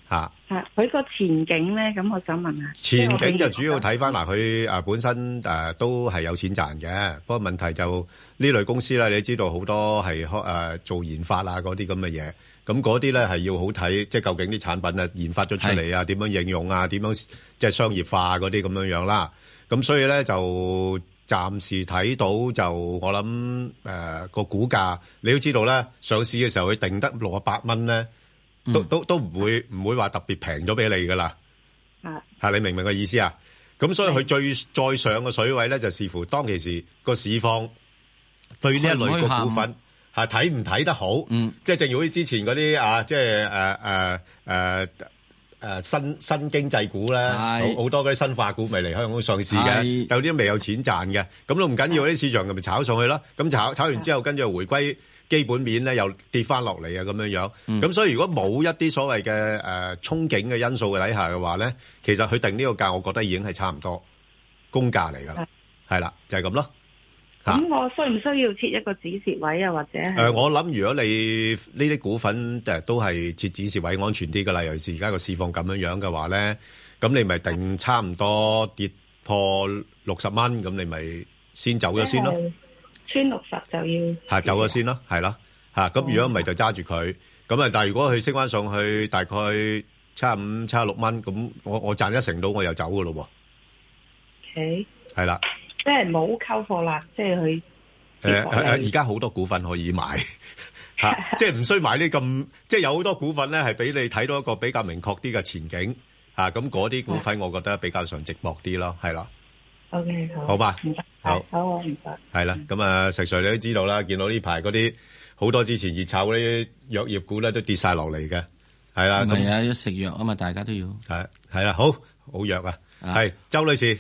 吓。吓，佢個前景咧，咁我想問下。前景就主要睇翻嗱，佢誒本身誒都係有錢賺嘅，不過問題就呢類公司呢，你知道好多係誒做研發啊嗰啲咁嘅嘢，咁嗰啲咧係要好睇，即係究竟啲產品啊研發咗出嚟啊，點樣應用啊，點樣即係商業化嗰啲咁樣樣啦，咁所以咧就。暫時睇到就我諗誒、呃、個股價，你都知道咧，上市嘅時候佢定得六啊八蚊咧，都、嗯、都都唔會唔會話特別平咗俾你噶啦。啊、嗯，你明唔明個意思啊？咁所以佢最再上個水位咧，就視乎當其時個市況對呢一類嘅股份係睇唔睇得好。嗯，即係正如之前嗰啲啊，即係誒誒誒。啊啊誒新新經濟股咧，好多嗰啲新化股咪嚟香港上市嘅，有啲都未有錢賺嘅，咁都唔緊要，啲市場咁咪炒上去咯。咁炒炒完之後，跟住又回歸基本面咧，又跌翻落嚟啊，咁樣樣。咁所以如果冇一啲所謂嘅誒憧憬嘅因素嘅底下嘅話咧，其實佢定呢個價，我覺得已經係差唔多公價嚟噶啦，係啦，就係咁咯。咁、啊、我需唔需要設一個止蝕位啊？或者、呃、我諗如果你呢啲股份、呃、都係設止蝕位安全啲嘅喇，尤其是而家個市況咁樣嘅話咧，咁你咪定差唔多跌破六十蚊，咁你咪先走咗先咯。穿六十就要。啊、走咗先咯，係、啊、啦，嚇咁、啊、如果唔係就揸住佢。咁啊，但係如果佢升翻上去大概七十五、七十六蚊，咁我我賺一成到，我又走噶咯喎。OK。係啦。即係冇溝貨啦，即係佢。誒而家好多股份可以買吓、 啊，即係唔需買呢。咁，即係有好多股份咧，係俾你睇到一個比較明確啲嘅前景吓。咁嗰啲股份，我覺得比較上寂寞啲咯，係、嗯、啦。O、okay, K，好，好，好，好，唔該，係啦。咁、嗯、啊，石 Sir，你都知道啦，見到呢排嗰啲好多之前熱炒啲藥業股咧，都跌晒落嚟嘅。係啦，咁啊，嗯、要食藥啊嘛，大家都要。係係啦，好好藥啊，係周女士。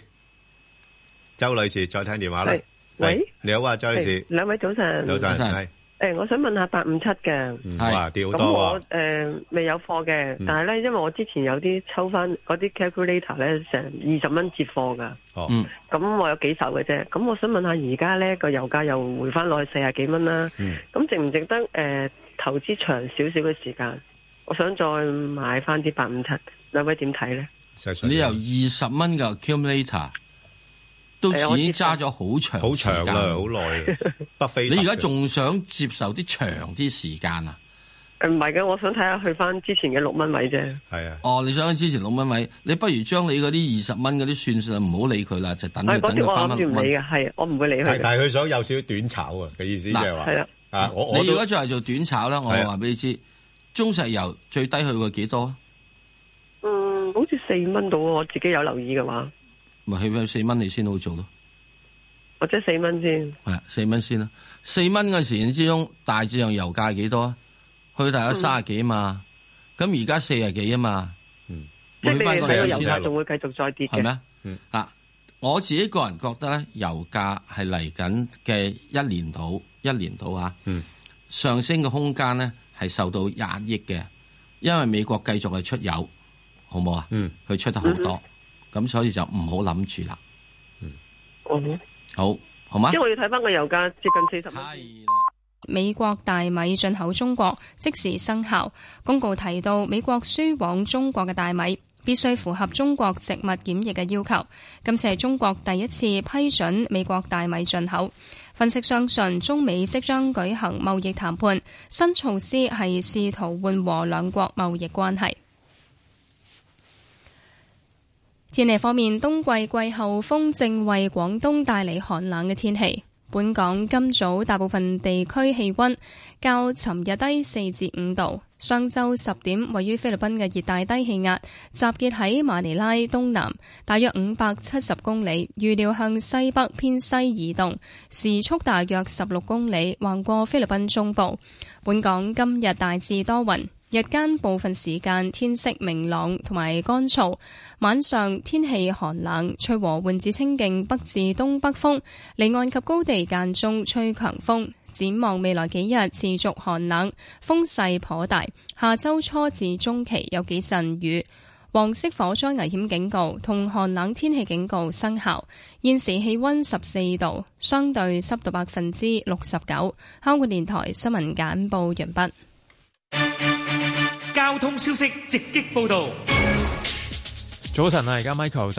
周女士，再聽電話啦。喂，你，hey, 你好啊，周女士。兩、hey, 位早晨，早晨係。誒，hey. Hey, 我想問下八五七嘅。話，跌好多咁我誒、呃、未有貨嘅、嗯，但係咧，因為我之前有啲抽翻嗰啲 calculator 咧，成二十蚊接貨噶。哦。咁、嗯、我有幾手嘅啫。咁我想問下呢，而家咧個油價又回翻落去四啊幾蚊啦。咁、嗯、值唔值得誒、呃、投資長少少嘅時間？我想再買翻啲八五七。兩位點睇咧？你由二十蚊嘅 accumulator 都已經揸咗好長好長好耐。你而家仲想接受啲長啲時間啊？誒唔係嘅，我想睇下去翻之前嘅六蚊位啫。係啊。哦，你想去之前六蚊位？你不如將你嗰啲二十蚊嗰啲算算，唔好理佢啦，就等佢等個三蚊蚊。係，我唔會理佢。但係佢想有少少短炒啊嘅意思就，即係話係啊。你而家就係做短炒啦。我話俾你知，中石油最低去過幾多？嗯，好似四蚊到。我自己有留意嘅話。咪去翻四蚊你先好做咯，或者四蚊先，係四蚊先啦。四蚊嘅時間之中，大致上油價幾幾多啊？去大約卅幾嘛，咁而家四十幾啊嘛。嗯，即係但係油價仲會繼續再跌嘅。係、嗯、咩、嗯嗯啊？我自己個人覺得咧，油價係嚟緊嘅一年到一年到啊。嗯，上升嘅空間咧係受到壓抑嘅，因為美國繼續係出油，好唔好啊？嗯，佢出得好多。嗯咁所以就唔好諗住啦。嗯，好，好嗎，好嘛？即我要睇翻個油價接近四十。美國大米進口中國即時生效。公告提到，美國輸往中國嘅大米必須符合中國植物檢疫嘅要求。今次係中國第一次批准美國大米進口。分析相信，中美即將舉行貿易談判，新措施係試圖緩和兩國貿易關係。天氣方面，冬季季候風正為廣東帶嚟寒冷嘅天氣。本港今早大部分地區氣溫較尋日低四至五度。上晝十點位於菲律賓嘅熱帶低氣壓集結喺馬尼拉東南，大約五百七十公里，預料向西北偏西移動，時速大約十六公里，橫過菲律賓中部。本港今日大致多雲。日間部分時間天色明朗同埋乾燥，晚上天氣寒冷，吹和緩至清勁北至東北風，離岸及高地間中吹強風。展望未來幾日持續寒冷，風勢頗大。下周初至中期有幾陣雨。黃色火災危險警告同寒冷天氣警告生效。現時氣溫十四度，相對濕度百分之六十九。香港電台新聞簡報完畢。交通消息直擊報道。早晨啊，而家 Michael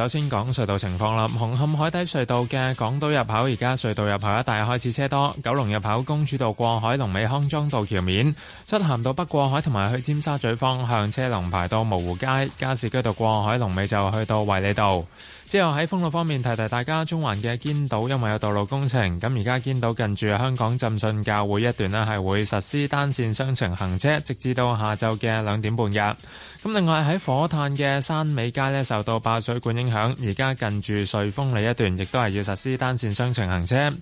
之後喺封路方面提提大家中環的，中環嘅堅道因為有道路工程，咁而家堅道近住香港浸信教會一段呢係會實施單線雙程行車，直至到下晝嘅兩點半日。咁另外喺火炭嘅山尾街呢受到爆水管影響，而家近住瑞豐里一段亦都係要實施單線雙程行車。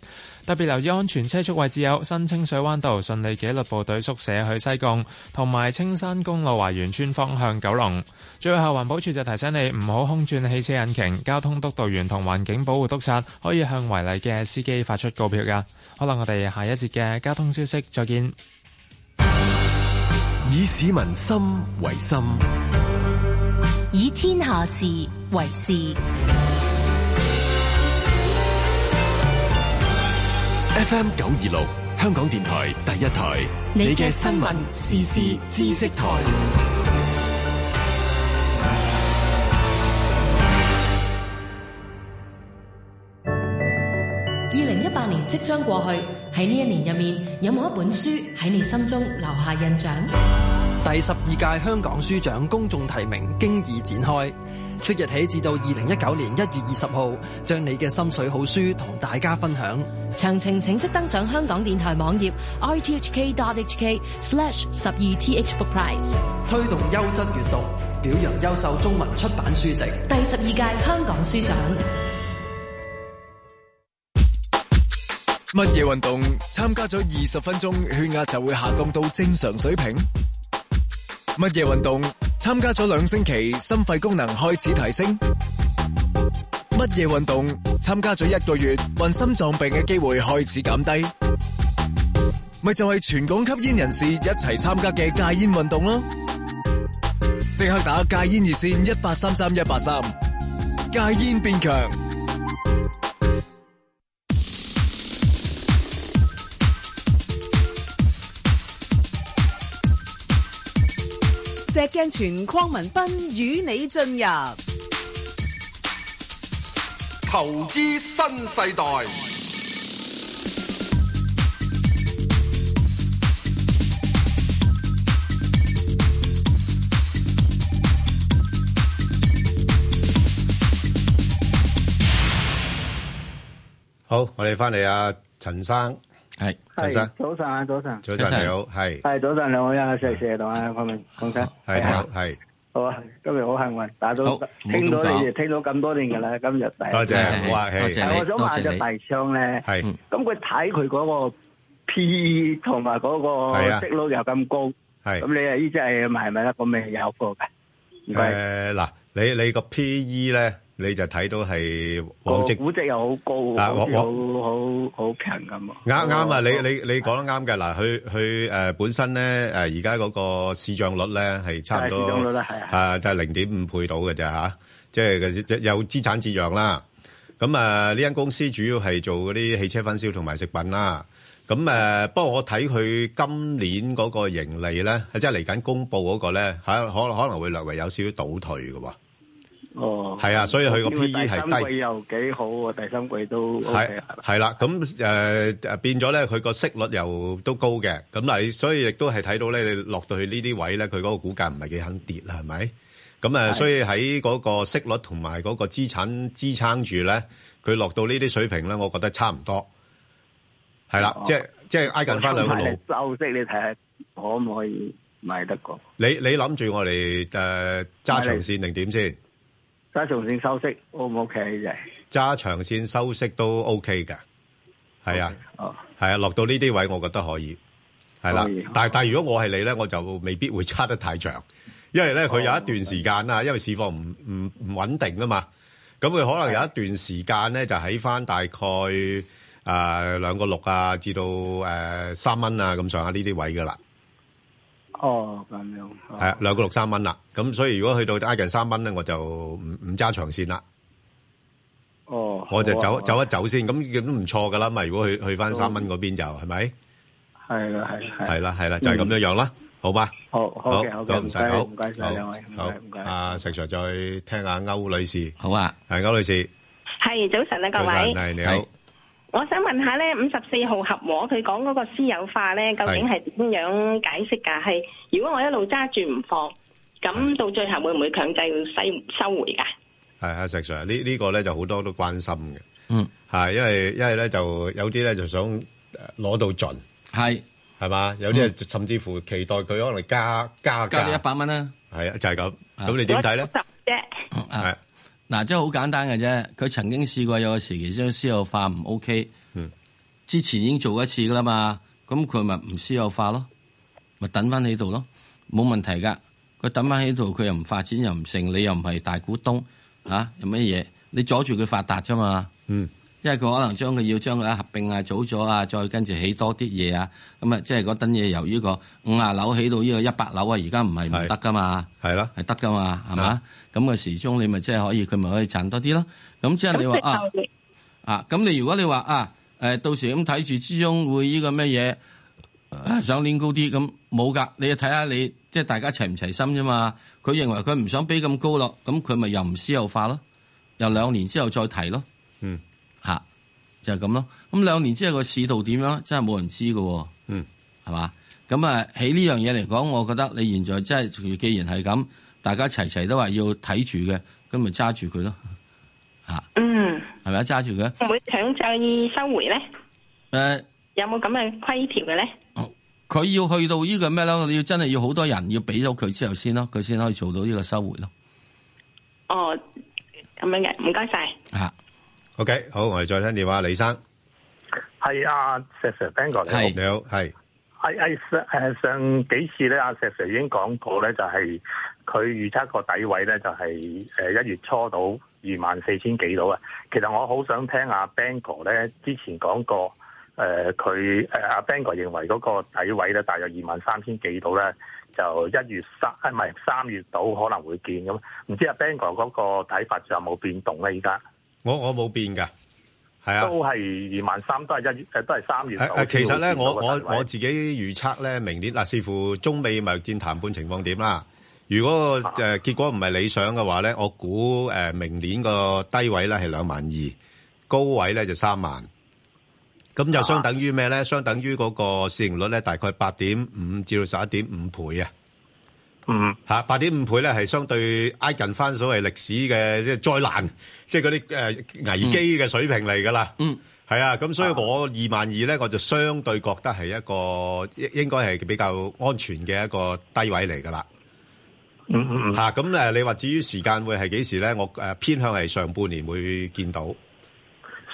特別留意安全車速位置有新清水灣道，順利紀律部隊宿舍去西貢，同埋青山公路華源村方向九龍。最後，環保處就提醒你唔好空轉汽車引擎。交通督導員同環境保護督察可以向違例嘅司機發出告票㗎。好啦，我哋下一節嘅交通消息再見。以市民心為心，以天下事為事。FM 九二六，香港電台第一台。你嘅新聞、時事、知識台。二零一八年即將過去，喺呢一年入面，有冇一本書喺你心中留下印象？第十二屆香港書獎公眾提名經已展開。即日起至到二零一九年一月二十號，將你嘅心水好書同大家分享。詳情請即登上香港電台網頁，r t h k dot h k slash 十二 t h book prize。推動優質閱讀，表揚優秀中文出版書籍。第十二屆香港書獎，乜嘢運動參加咗二十分鐘，血壓就會下降到正常水平？乜嘢運動？參加咗兩星期，心肺功能開始提升。乜嘢運動？參加咗一個月，患心臟病嘅機會開始減低。咪就係全港吸煙人士一齊參加嘅戒煙運動咯。即刻打戒煙熱線一八三三一八三，戒煙變強。鏡泉鄺民彬與你進入投資新世代。好，我哋翻嚟啊，陳生。係早晨，早晨啊，早晨，早晨你好，係係早晨兩位啊，謝謝同啊，我明講聲，係好，係好啊，今日好幸運，打到聽到你哋聽到咁多年嘅啦，今日多謝，好啊，多謝你，多謝你。我想買隻大槍咧，係咁佢睇佢嗰個 P E 同埋嗰個息率又咁高，係咁你啊呢隻係咪係咪咧？我未有過嘅。誒嗱，你你個 P E 咧？你就睇到係估值又好高，好好好好平咁啊！啱啱啊！你你你講得啱嘅嗱，佢佢誒本身咧誒而家嗰個市賬率咧係差唔多市賬率啦，係啊，就係零點五倍度嘅啫嚇，即係有資產折讓啦。咁誒呢間公司主要係做嗰啲汽車分銷同埋食品啦。咁誒不過我睇佢今年嗰個盈利咧，係即係嚟緊公佈嗰個咧嚇，可可能會略為有少少倒退嘅喎。哦，係啊，所以佢個 P E 係低。第三季又幾好，第三季都係係啦。咁誒誒，變咗咧，佢個息率又都高嘅。咁啊，所以亦都係睇到咧，你落到去呢啲位咧，佢嗰個股價唔係幾肯跌啦，係咪？咁啊，所以喺嗰個息率同埋嗰個資產支撐住咧，佢落到呢啲水平咧，我覺得差唔多。係啦、啊，即係即係挨近翻兩個樓。息，你睇下可唔可以買得過？你你諗住我哋誒揸長線定點先？揸長線收息 O 唔 O K 嘅？揸長線收息都 O K 嘅，係啊，係、okay, oh. 啊，落到呢啲位，我覺得可以，係啦、啊。但、oh. 但如果我係你咧，我就未必會揸得太長，因為咧佢有一段時間啊，oh, okay. 因為市況唔唔唔穩定啊嘛，咁佢可能有一段時間咧就喺翻大概、yeah. 呃、啊兩個六啊至到誒三蚊啊咁上下呢啲位噶啦。哦咁樣，係兩個六三蚊啦，咁所以如果去到接近三蚊咧，我就唔唔揸長線啦。哦，我就走走一走先，咁都唔錯噶啦嘛。如果去去翻三蚊嗰邊就係咪？係啦係，係啦係啦，就係咁樣樣啦，好嗎？好，好嘅，好嘅，唔該，唔該晒兩位，好，唔該。阿石 Sir 再聽下歐女士，好啊，係歐女士，係早晨啊，各位，係你好。我想問下咧，五十四號合和佢講嗰個私有化咧，究竟係點樣解釋噶？係，如果我一路揸住唔放，咁到最後會唔會強制要收收回噶？係阿石 Sir，呢呢個咧就好多都關心嘅，嗯，係因為因為咧就有啲咧就想攞到盡，係係嘛，有啲甚至乎期待佢可能加加價一百蚊啦，係啊，就係咁，咁你點睇咧？十啫，係。嗱、啊，即係好簡單嘅啫。佢曾經試過有個時期將私有化唔 OK，之前已經做過一次噶啦嘛。咁佢咪唔私有化咯，咪等翻喺度咯，冇問題噶。佢等翻喺度，佢又唔發展又唔成，你又唔係大股東啊？有乜嘢？你阻住佢發達啫嘛。嗯，因為佢可能將佢要將佢合併啊，早咗啊，再跟住起多啲嘢啊。咁啊，即係嗰等嘢由呢個五十樓起到呢個一百樓啊。而家唔係唔得噶嘛？係咯，係得噶嘛？係嘛？咁嘅始終你咪即係可以，佢咪可以賺多啲咯。咁即係你話啊、嗯、啊，咁、嗯啊、你如果你話啊、呃，到時咁睇住之中會呢個咩嘢、呃、想拎高啲，咁冇噶。你就睇下你即係大家齊唔齊心啫嘛。佢認為佢唔想俾咁高咯，咁佢咪又唔私有化咯，又兩年之後再提咯。嗯，嚇、啊、就係咁咯。咁兩年之後個市道點樣？真係冇人知㗎喎、哦。嗯，係嘛？咁啊喺呢樣嘢嚟講，我覺得你現在真係既然係咁。大家齊齊都話要睇住嘅，咁咪揸住佢咯，吓，嗯，係咪揸住佢，會唔會強制性收回咧？誒、呃，有冇咁嘅規條嘅咧？佢、哦、要去到呢個咩，你要真係要好多人要俾咗佢之後先咯，佢先可以做到呢個收回咯。哦，咁樣嘅，唔該晒。啊、o、okay, k 好，我哋再聽電話，李生係啊 s s Bangor 你好，係。係係上誒上幾次咧，阿石 Sir 已經講過咧，就係佢預測個底位咧，就係誒一月初到二萬四千幾度啊。其實我好想聽阿 Ban 哥咧，之前講過，誒佢誒阿 Ban 哥認為嗰個底位咧，大約二萬三千幾度咧，就一月三唔係三月到可能會見咁。唔知阿 Ban 哥嗰個睇法，有冇變動咧？而家我我冇變噶。係啊，都係二萬三，都係一月，誒，都係三月。誒，其實咧，我我我自己預測咧，明年嗱，視乎中美貿易戰談判情況點啦。如果誒結果唔係理想嘅話咧，我估誒明年個低位咧係兩萬二，高位咧就三萬。咁就相等於咩咧？相等於嗰個市盈率咧，大概八點五至到十一點五倍啊。嗯，吓八點五倍咧，係相對挨近翻所謂歷史嘅即係災難，即係嗰啲誒危機嘅水平嚟噶啦。嗯、mm-hmm.，係啊，咁所以我二萬二咧，我就相對覺得係一個應應該係比較安全嘅一個低位嚟噶啦。嗯、mm-hmm. 嗯，吓咁誒，你話至於時間會係幾時咧？我誒偏向係上半年會見到。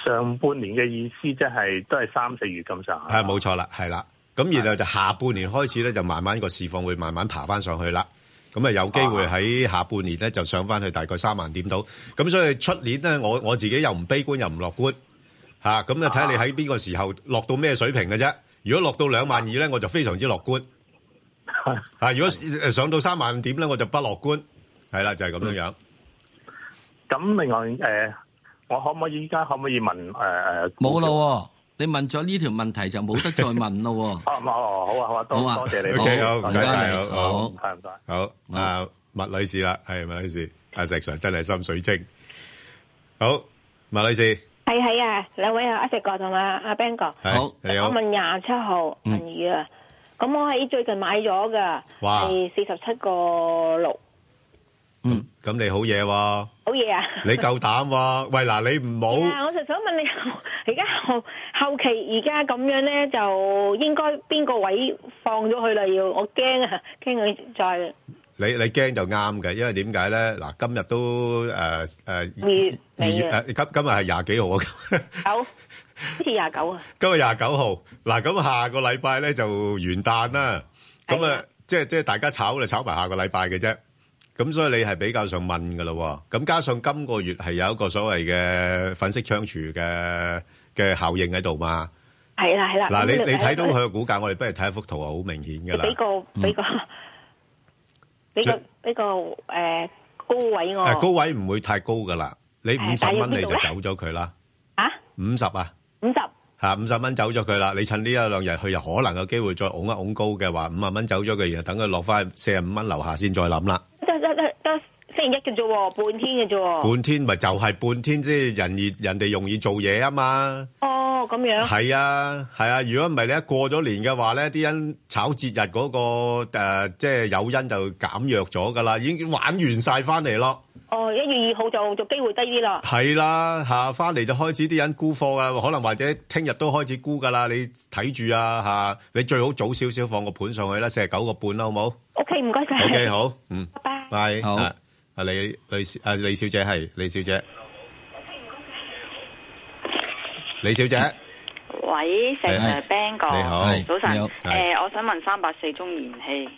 上半年嘅意思即、就、係、是、都係三四月咁上下。係冇錯啦，係啦。咁然後就下半年開始咧，就慢慢個市況會慢慢爬翻上去啦。咁啊，有機會喺下半年咧就上翻去大概三萬點度。咁所以出年咧，我我自己又唔悲觀又唔樂觀嚇。咁啊，睇下你喺邊個時候落到咩水平嘅啫。如果落到兩萬二咧，我就非常之樂觀。嚇！如果上到三萬點咧，我就不樂觀。係啦，就係咁樣樣。咁另外誒，我可唔可以依家可唔可以問誒誒？冇啦喎。你問咗呢條問題就冇得再問咯，哦，好啊，好啊，多謝你，O K，好，唔該晒，好，唔該晒，好，阿麥女士啦，係麥女士。阿石 Sir 真係心水清。好，麥女士。係係啊，兩位啊阿石哥同埋阿 Ben 哥。好，你好，我問廿七號銀娛啊，咁我喺最近買咗噶，係四十七個六。嗯，咁你好嘢喎，好嘢啊！你夠膽喎，喂嗱，你唔好，我就想問你，而家後後期而家咁樣咧，就應該邊個位放咗佢啦？要我驚啊，驚佢再。你你驚就啱嘅，因為點解咧？嗱，今日都誒誒二月二月誒今今日係廿幾號啊？九，好似廿九啊。今日廿九號，嗱咁下個禮拜咧就元旦啦，咁啊，即係即係大家炒就，炒埋下個禮拜嘅啫。咁所以你係比較想問噶咯，咁加上今個月係有一個所謂嘅粉飾櫥窗嘅嘅效應喺度嘛？係啦係啦嗱，你你睇到佢嘅股價，我哋不如睇一幅圖啊，好明顯噶啦，比較比較比較比較誒高位我誒高位唔會太高噶啦，你五十蚊你就走咗佢啦，啊五十啊五十吓五十蚊走咗佢啦，你趁呢一兩日佢又可能有機會再拱一拱高嘅話，五十蚊走咗佢，然後等佢落翻去四十五蚊樓下先再諗啦。得星期一嘅啫喎，半天嘅啫喎。半天咪就係、是、半天啫，人易人哋容易做嘢啊嘛。哦，咁樣。係啊，係啊，如果唔係你一過咗年嘅話咧，啲人炒節日嗰、那個誒，即係誘因就減弱咗噶啦，已經玩完晒翻嚟咯。哦，一月二號就就機會低啲啦。係啦、啊，吓翻嚟就開始啲人沽貨噶，可能或者聽日都開始沽噶啦。你睇住啊，吓、啊、你最好早少少放個盤上去啦，四十九個半啦，好冇？O K，唔該晒。O K，好，嗯、okay, okay。拜拜。嗯、好。阿、啊、李李阿、啊、李小姐係李小姐 okay, 謝謝。李小姐。喂，成日 Bang 哥。你好，早晨。誒、呃，我想問三百四中燃氣。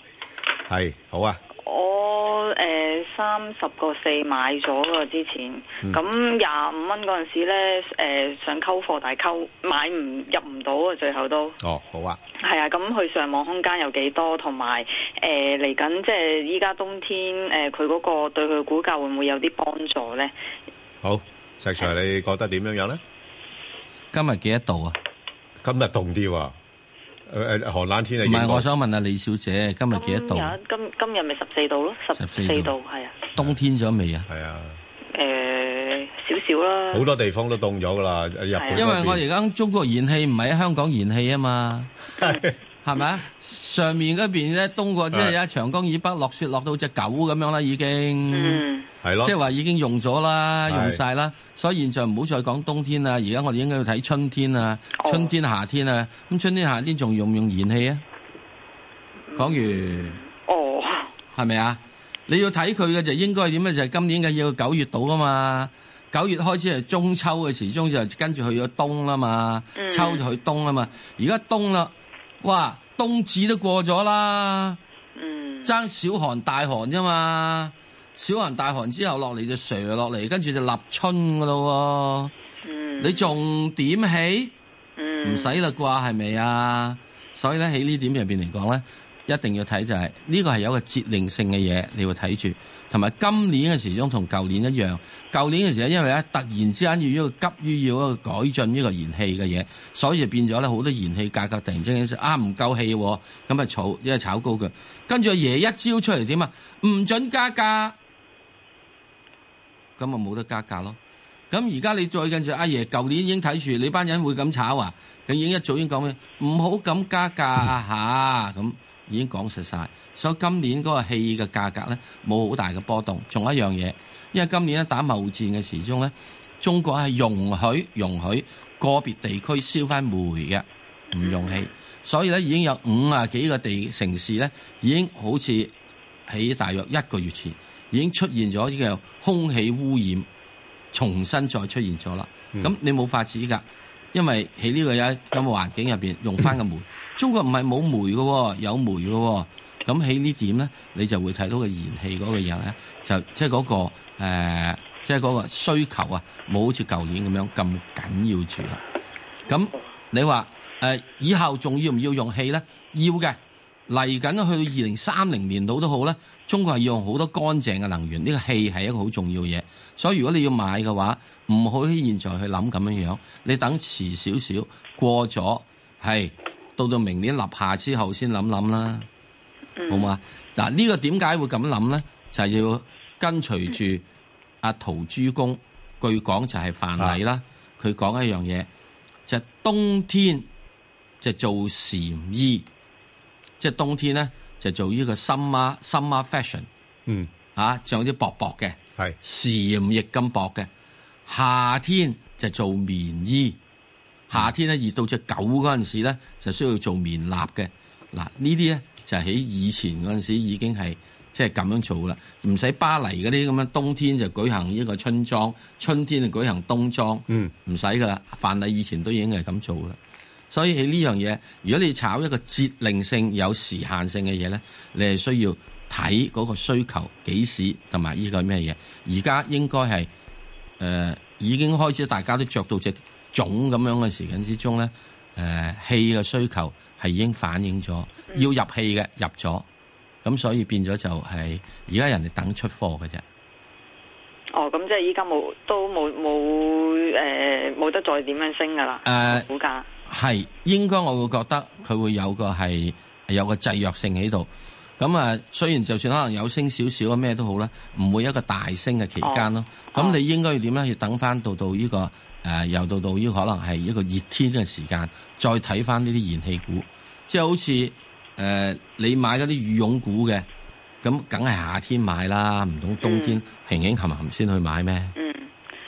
係，好啊。我誒、呃、三十個四買咗個之前，咁、嗯、廿五蚊嗰陣時咧，誒、呃、想溝貨，但係溝買唔入唔到啊，最後都哦好啊，係啊，咁佢上網空間有幾多，同埋誒嚟緊即係依家冬天誒，佢、呃、嗰個對佢股價會唔會有啲幫助咧？好，石 sir、呃、你覺得點樣樣咧？今日幾多度啊？今日凍啲喎。誒誒，寒冷天氣。唔係，我想問下李小姐，今日幾多度？今日今，今日咪十四度咯，十四度，度啊，啊。冬天咗未啊？係啊。誒，少少啦。好多地方都凍咗㗎啦，日本。因為我而家中國燃氣唔係喺香港燃氣啊嘛，係咪啊？ 上面嗰邊咧，冬過即係一長江以北落雪落到隻狗咁樣啦，已經。嗯是咯，即係話已經用咗啦，用晒啦，所以現在唔好再講冬天啦。而家我哋應該要睇春、天、哦、春天、天啊，春天夏天啊。咁春天夏天仲用唔用燃氣啊？講、嗯、完哦，係咪啊？你要睇佢嘅就應該係點咧？就係、是、今年嘅要九月到啊嘛，九月開始係中秋嘅時，中就跟住去咗冬啦嘛，秋、嗯、咗去冬啊嘛。而家冬啦，哇，冬至都過咗啦，爭、嗯、小寒大寒啫嘛。小寒大寒之後落嚟就垂落嚟，跟住就立春噶咯、嗯。你仲點起？唔使啦啩，係、嗯、咪啊？所以咧喺呢點入邊嚟講咧，一定要睇就係、是、呢、這個係有個節令性嘅嘢，你會睇住。同埋今年嘅時鐘同舊年一樣，舊年嘅時咧，因為咧突然之間要一個急於要一個改進呢個燃氣嘅嘢，所以就變咗咧好多燃氣價格突然之間啊唔夠氣，咁啊炒因為炒高嘅，跟住爺一招出嚟點啊？唔准加價。咁咪冇得加價咯！咁而家你再近就，阿、哎、爺，舊年已經睇住你班人會咁炒啊，佢已經一早、 啊、已經講嘅：「唔好咁加價啊吓！咁已經講實晒。所以今年嗰個氣嘅價格咧，冇好大嘅波動。仲有一樣嘢，因為今年咧打貿易戰嘅時中咧，中國係容許容許個別地區燒翻煤嘅，唔用氣。所以咧已經有五十幾個地城市咧，已經好似喺大約一個月前。已經出現咗呢個空氣污染，重新再出現咗啦。咁、嗯、你冇法子噶，因為喺呢個一咁嘅環境入邊用翻個煤、嗯，中國唔係冇煤嘅，有煤嘅。咁喺呢點咧，你就會睇到個燃氣嗰個嘢咧，就即係嗰個誒，即係嗰個需求啊，冇好似舊年咁樣咁緊要住啦。咁你話誒、呃、以後仲要唔要用氣咧？要嘅，嚟緊去到二零三零年到都好咧。中國係要用好多乾淨嘅能源，呢、這個氣係一個好重要嘢。所以如果你要買嘅話，唔好喺現在去諗咁樣樣，你等遲少少過咗，係到到明年立夏之後先諗諗啦，好嘛？嗱、嗯這個、呢個點解會咁諗咧？就係、是、要跟隨住阿、啊、陶朱公，據講就係范蠡啦。佢講一樣嘢，就是、冬天就是、做禪衣，即、就、係、是、冬天咧。就做呢個 Summer 啊 Summer fashion，嗯啊，仲有啲薄薄嘅，係絲綿亦咁薄嘅。夏天就做棉衣，夏天咧熱到隻狗嗰陣時咧，就需要做棉襤嘅。嗱呢啲咧就喺以前嗰陣時候已經係即係咁樣做啦，唔使巴黎嗰啲咁樣冬天就舉行呢個春裝，春天就舉行冬裝，唔使噶啦。凡係以前都已經係咁做啦。所以喺呢樣嘢，如果你炒一個節令性有時限性嘅嘢咧，你係需要睇嗰個需求幾時，同埋呢個係咩嘢？而家應該係誒已經開始，大家都着到只種咁樣嘅時間之中咧，誒氣嘅需求係已經反映咗，要入氣嘅入咗，咁所以變咗就係而家人哋等出貨嘅啫。哦，咁即係依家冇都冇冇誒冇得再點樣升噶啦誒股價。係，應該我會覺得佢會有個係有個制約性喺度。咁啊，雖然就算可能有升少少啊，咩都好啦，唔會一個大升嘅期間咯。咁、oh. oh. 你應該要點呢？要等翻到到呢、這個誒、呃，由到到呢可能係一個熱天嘅時間，再睇翻呢啲燃氣股。即係好似誒、呃，你買嗰啲羽絨股嘅，咁梗係夏天買啦，唔通冬天平平冚冚先去買咩？Mm.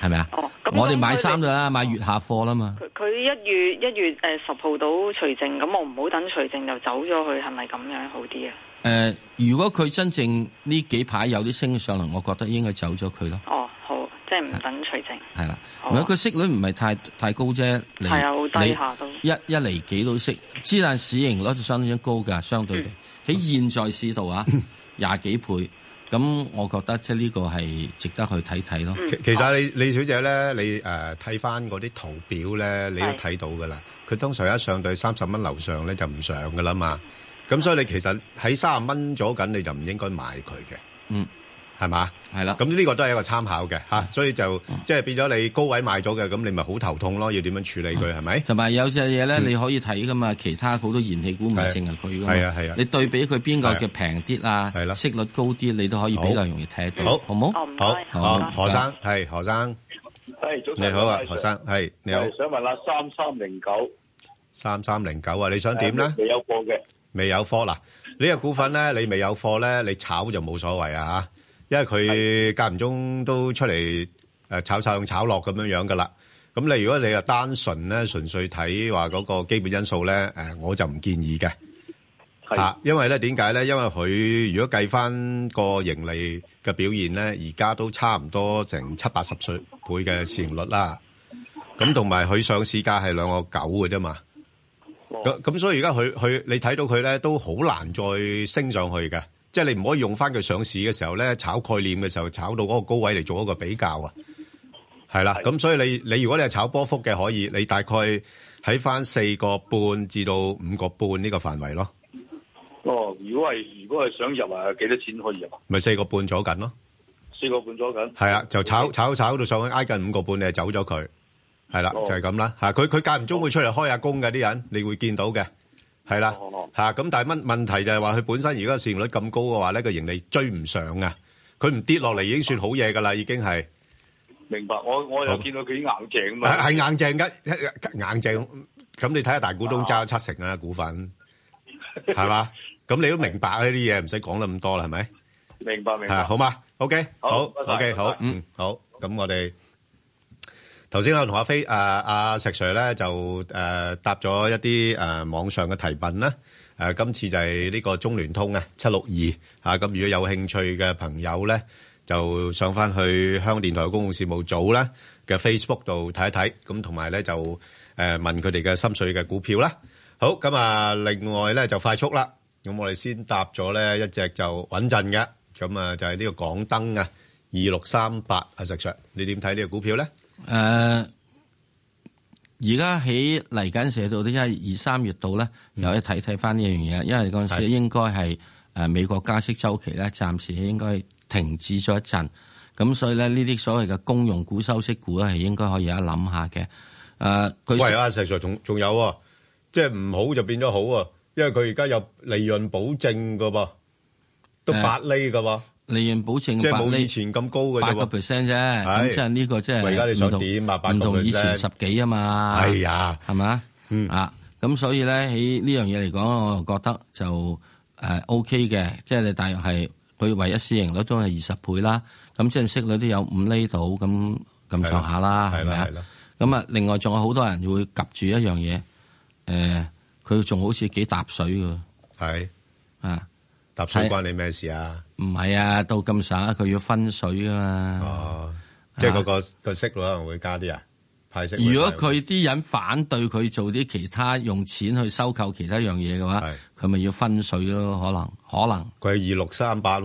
係咪啊？哦，嗯、我哋買衫噶啦，買月下貨啦嘛。佢、哦、一月一月誒十、呃、號到除淨，咁我唔好等除淨就走咗去，係咪咁樣好啲啊？誒、呃，如果佢真正呢幾排有啲升上嚟，我覺得應該走咗佢咯。哦，好，即係唔等除淨。係啦、哦啊，如果佢息率唔係太太高啫，好低下都一一厘幾都息，之但市盈率就相當高噶，相對地喺、嗯、現在市度啊廿 幾倍。咁，我覺得即係呢個係值得去睇睇咯。其實李李小姐咧，你誒睇翻嗰啲圖表咧，你都睇到噶啦。佢通常一上到三十蚊樓上咧，就唔上噶啦嘛。咁所以你其實喺三十蚊左緊，你就唔應該買佢嘅。嗯。係嘛？係啦，咁呢個都係一個參考嘅吓、啊，所以就、嗯、即係變咗你高位買咗嘅，咁你咪好頭痛咯，要點樣處理佢係咪？同、嗯、埋有隻嘢咧，你可以睇噶嘛、嗯，其他好多燃氣股唔係淨入佢淨係佢。噶係啊係啊，你對比佢邊個嘅平啲啊，息率高啲，你都可以比較容易睇到，好唔好？好，好好好好 um, 好 um, 何生係何生，你好啊，何生係你好。想問下三三零九，三三零九啊，你想點咧、啊？未有貨嘅，未有貨啦呢個股份咧，你未有貨咧，你炒就冇所謂啊吓。因為佢間唔中都出嚟誒炒上炒落咁樣樣噶啦，咁你如果你就單純咧純粹睇話嗰個基本因素咧，誒我就唔建議嘅吓，因為咧點解咧？因為佢如果計翻個盈利嘅表現咧，而家都差唔多成七八十倍嘅市盈率啦，咁同埋佢上市價係兩個九嘅啫嘛，咁、哦、咁所以而家佢佢你睇到佢咧都好難再升上去嘅。即係你唔可以用翻佢上市嘅時候咧，炒概念嘅時候，炒到嗰個高位嚟做一個比較啊。係啦，咁所以你你如果你係炒波幅嘅，可以你大概喺翻四個半至到五個半呢個範圍咯。哦，如果係如果係想入啊，幾多錢可以入啊？咪四個半左緊咯。四個半左緊。係啊，就炒炒炒到上去挨近五個半，你就走咗佢。係啦，就係咁啦。嚇，佢佢間唔中會出嚟開下工嘅啲人，你會見到嘅。係啦，吓，咁但係問問題就係話佢本身如果個市盈率咁高嘅話咧，個盈利追唔上啊，佢唔跌落嚟，已經算好嘢噶啦，已經係。明白，我我有見到佢啲硬淨嘛。係硬淨嘅，硬淨，咁你睇下大股東揸七成啊股份，係嘛？咁你都明白呢啲嘢，唔使講得咁多啦，係咪？明白明白，好嘛？OK，好 OK，好，嗯，好，咁我哋。頭先我同阿飛誒阿石 Sir 咧就誒答咗一啲誒網上嘅提問啦。誒，今次就係呢個中聯通啊，七六二吓。咁如果有興趣嘅朋友咧，就上翻去香港電台公共事務組啦嘅 Facebook 度睇一睇。咁同埋咧就誒問佢哋嘅心水嘅股票啦。好咁，啊，另外咧就快速啦。咁我哋先答咗咧一隻就穩陣嘅咁啊，就係呢個港燈啊，二六三八啊。石 Sir，你點睇呢個股票咧？誒、呃，而家喺嚟緊寫到呢一二三月度咧，嗯、又可以睇睇翻呢樣嘢，因為嗰陣時應該係誒美國加息周期咧，暫時應該停止咗一陣，咁所以咧呢啲所謂嘅公用股、收息股咧，係應該可以一諗下嘅。誒、呃，喂，石 Sir，仲仲有啊，即係唔好就變咗好啊，因為佢而家有利潤保證噶噃，都八厘噶噃。呃利潤保證即係冇以前咁高嘅八、哎、個 percent 啫。咁即係呢個即係唔同，唔同、啊、以前十幾啊嘛。係、哎、啊，係咪、嗯。啊，咁所以咧喺呢樣嘢嚟講，我就覺得就誒、啊、OK 嘅，即、就、係、是、你大約係佢唯一市盈率都係二十倍啦。咁即係息率都有五厘度咁咁上下啦，係咪啊？咁啊，是啊、嗯，另外仲有好多人會夾住一樣嘢，誒、啊，佢仲好似幾搭水噶。係啊。啊搭水關你咩事啊？唔係啊，到咁上下佢要分水啊嘛。哦，即係嗰、嗰個個、啊、息可能會加啲啊，派息派。如果佢啲人反對佢做啲其他用錢去收購其他樣嘢嘅話，佢咪要分水咯？可能可能。佢係二六三八，唔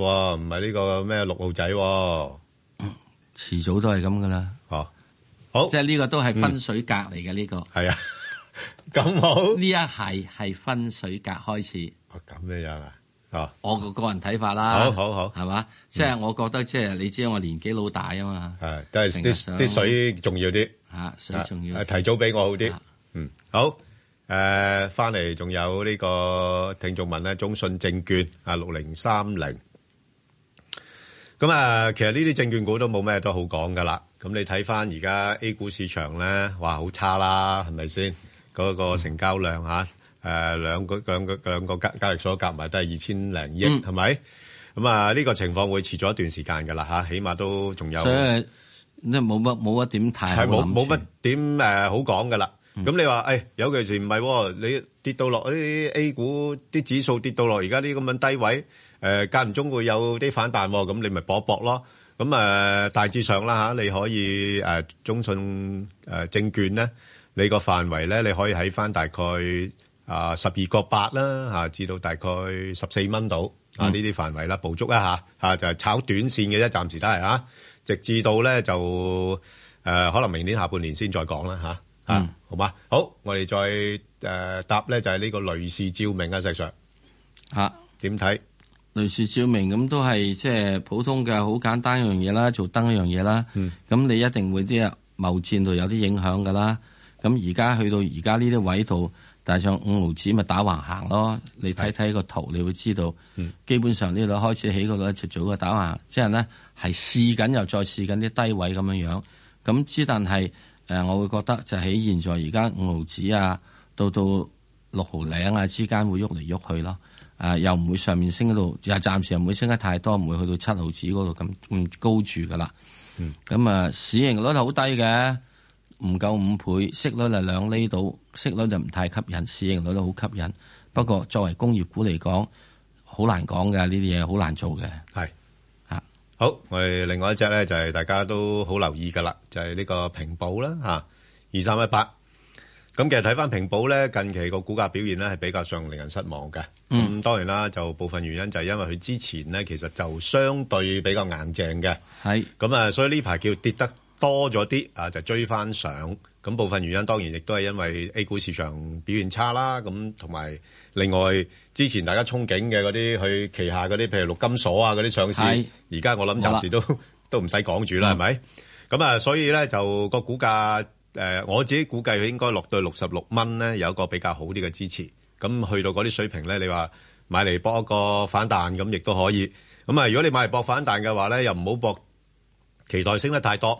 係呢個咩六號仔、哦。遲早都係咁噶啦。哦，好。即係呢個都係分水格嚟嘅呢個。係啊，咁 好。呢一係係分水格開始。哦、啊，咁樣啊。啊！我個個人睇法啦，好好好，係嘛？即係，嗯就是，我覺得，即係你知我年紀老大啊嘛，係都係啲啲水重要啲，啊，水重要、啊，提早俾我好啲、啊。嗯，好。誒，呃，翻嚟仲有呢個聽眾問咧，中信證券啊，六零三零。咁啊，呃，其實呢啲證券股都冇咩都好講噶啦。咁你睇翻而家 A 股市場咧，話好差啦，係咪先？嗰，那個成交量嚇。嗯誒兩個兩個兩個交交易所夾埋都係二千零億，係咪咁啊？呢個情況會持續一段時間嘅啦，嚇，起碼都仲有。所以即係冇乜冇乜點睇冇冇乜點誒好講嘅啦。咁你話誒尤其是唔係你跌到落呢啲 A 股啲指數跌到落而家啲咁樣低位，誒間唔中會有啲反彈，咁你咪搏搏咯。咁誒大致上啦嚇，你可以誒中信誒證券咧，你個範圍咧，你可以喺翻大概。啊，十二個八啦，至到大概十四蚊到啊，呢、嗯、啲範圍啦，捕捉一下、啊、就係、是、炒短線嘅啫，暫時都係吓，直至到咧就誒、啊，可能明年下半年先再講啦吓，好嘛？好，我哋再誒、啊、答咧，就係呢個雷士照明 Sir，啊，石 Sir 嚇點睇雷士照明？咁都係即係普通嘅好簡單一樣嘢啦，做燈一樣嘢啦。咁、嗯、你一定會知係某程度有啲影響㗎啦。咁而家去到而家呢啲位度。但係上五毫子咪打橫行咯，你睇睇個圖，你會知道，嗯、基本上呢度開始起就做個度一早個打橫行，即係咧係試緊又再試緊啲低位咁樣樣。咁之但係誒我會覺得就喺現在而家五毫子啊，到到六毫頂啊之間會喐嚟喐去咯。誒又唔會上面升度，又暫時又唔會升得太多，唔會去到七毫子嗰度咁咁高住噶啦。咁、嗯、啊市盈率係好低嘅，唔夠五倍，息率係兩厘度。息率就唔太吸引，市盈率都好吸引。不過作為工業股嚟講，好難講噶呢啲嘢，好難做嘅。係啊，好，我哋另外一隻咧，就係、是、大家都好留意噶啦，就係、是、呢個平保啦吓、啊，二三一八。咁其實睇翻平保咧，近期個股價表現咧係比較上令人失望嘅。咁、嗯、當然啦，就部分原因就係因為佢之前咧其實就相對比較硬淨嘅。係咁啊，所以呢排叫跌得多咗啲啊，就追翻上。咁部分原因當然亦都係因為 A 股市場表現差啦，咁同埋另外之前大家憧憬嘅嗰啲佢旗下嗰啲，譬如六金鎖陸金所啊嗰啲上市公司，而家我諗暫時都都唔使講住啦，係咪？咁啊，所以咧就個股價誒，我自己估計應該落到六十六蚊咧，有一個比較好啲嘅支持。咁去到嗰啲水平咧，你話買嚟搏一個反彈咁亦都可以。咁啊，如果你買嚟搏反彈嘅話咧，又唔好搏期待升得太多。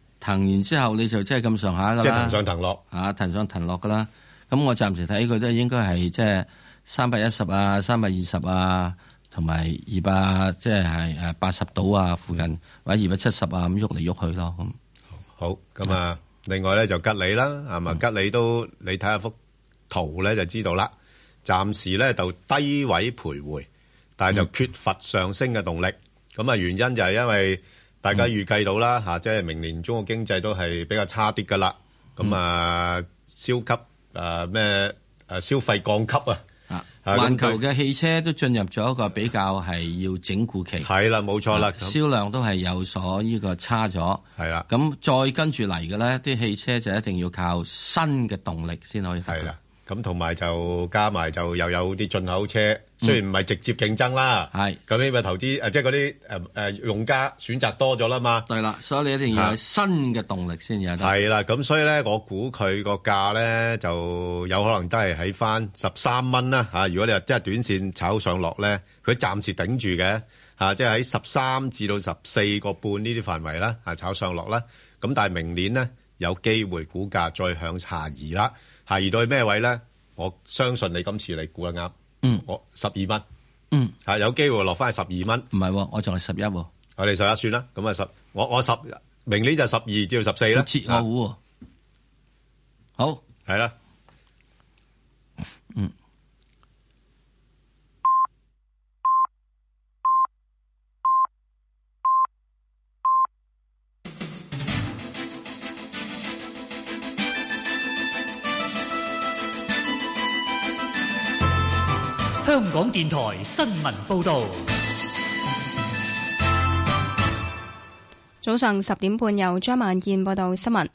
騰完之後你就即係咁上下噶，即係騰上騰落嚇、啊，騰上騰落噶啦。咁、啊、我暫時睇佢都應該係即係三百一十啊，三百二十啊，同埋二百即係誒八十度啊附近，或者二百七十啊咁喐嚟喐去咯。好，咁啊，另外咧就吉利啦，啊嘛吉利都、嗯、你睇下幅圖咧就知道啦。暫時咧就低位徘徊，但係就缺乏上升嘅動力。咁、嗯、啊原因就係因為。大家預計到啦吓，即係明年中國經濟都係比較差啲噶啦。咁、嗯、啊，消級啊、咩、啊、消費降級啊，啊，環球嘅汽車都進入咗一個比較係要整固期。係啦，冇錯啦、啊，銷量都係有所呢個差咗。係啦，咁再跟住嚟嘅咧，啲汽車就一定要靠新嘅動力先可以。係啦。咁同埋就加埋就又有啲進口車，雖然唔係直接競爭啦。咁呢個投資即係嗰啲誒用家選擇多咗啦嘛。對啦，所以你一定要有新嘅動力先有得。係啦，咁所以咧，我估佢個價咧就有可能都係喺翻十三蚊啦吓。如果你話即係短線炒上落咧，佢暫時頂住嘅吓，即係喺十三至到十四個半呢啲範圍啦，炒上落啦。咁但係明年咧有機會股價再向下移啦。第二對咩位咧？我相信你今次你估得啱。嗯哦。嗯，我十二蚊。嗯，吓有機會落翻去十二蚊。唔係，啊，我仲係十一。我哋十一算啦。咁啊十，我我十，明年就十二至到十四啦。切我，哦啊，好。係、啊、啦。香港電台新聞報道，早上十點半由張萬燕報道新聞。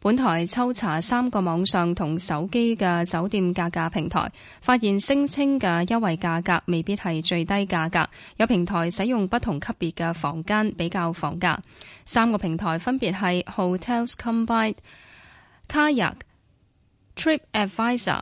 本台抽查三個網上同手機嘅酒店價格平台，發現聲稱嘅優惠價格未必係最低價格。有平台使用不同級別嘅房間比較房價。三個平台分別係 Hotels Combined、Kayak、TripAdvisor，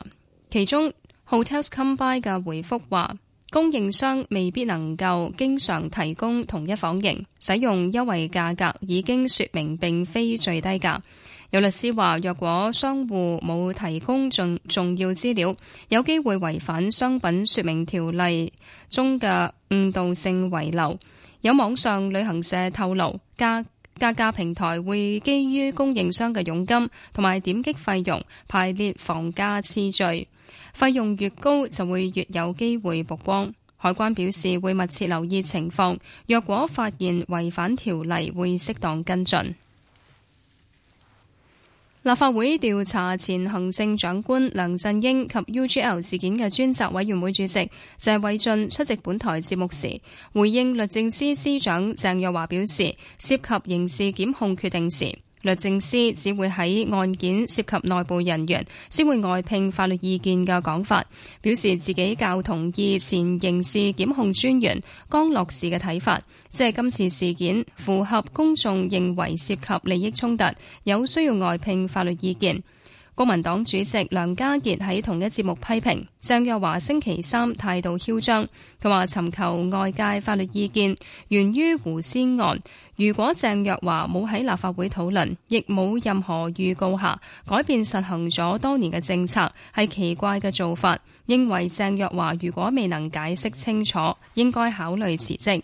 其中。Hotels.com e by 嘅回覆話，供應商未必能夠經常提供同一房型，使用優惠價格已經說明並非最低價。有律師話，若果商戶冇提供重重要資料，有機會違反商品說明條例中嘅誤導性遺漏。有網上旅行社透露，價價格平台會基於供應商嘅佣金同埋點擊費用排列房價次序。費用越高就會越有機會曝光。海關表示會密切留意情況，若果發現違反條例，會適當跟進。立法會調查前行政長官梁振英及 UGL 事件嘅專責委員會主席謝偉俊出席本台節目時，回應律政司司長鄭若驊表示，涉及刑事檢控決定時，律政司只會喺案件涉及內部人員，先會外聘法律意見嘅講法，表示自己較同意前刑事檢控專員江樂士嘅睇法，即係今次事件符合公眾認為涉及利益衝突，有需要外聘法律意見。公民黨主席梁家傑喺同一節目批評鄭若驊星期三態度囂張，佢話尋求外界法律意見源於胡仙案。如果鄭若驊冇喺立法會討論，亦冇任何預告下改變實行咗多年嘅政策，係奇怪嘅做法。認為鄭若驊如果未能解釋清楚，應該考慮辭職。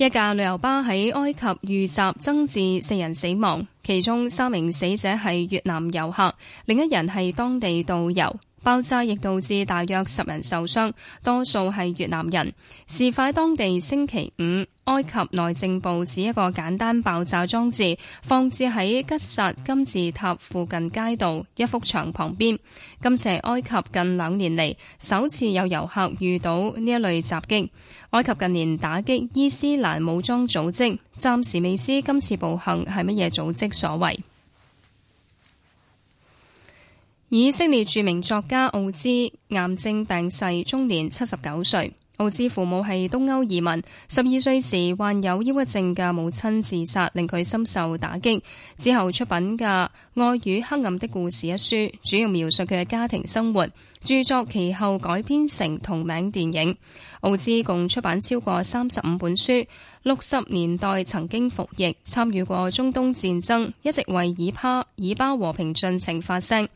一架旅遊巴喺埃及遇襲增至四人死亡，其中三名死者係越南遊客，另一人係當地導遊。爆炸亦導致大約十人受傷，多數係越南人。事發當地星期五，埃及內政部指一個簡單爆炸裝置放置喺吉薩金字塔附近街道一幅牆旁邊。今次埃及近兩年嚟首次有遊客遇到呢一類襲擊。埃及近年打擊伊斯蘭武裝組織，暫時未知今次暴行係乜嘢組織所為。以色列著名作家奧茲癌症病逝，終年七十九歲。奧茲父母係東歐移民，十二歲時患有抑鬱症嘅母親自殺，令佢深受打擊。之後出品嘅《愛與黑暗的故事》一書，主要描述佢嘅家庭生活。著作其後改編成同名電影。奧茲共出版超過三十五本書。六十年代曾經服役，參與過中東戰爭，一直為以巴以巴和平進程發聲。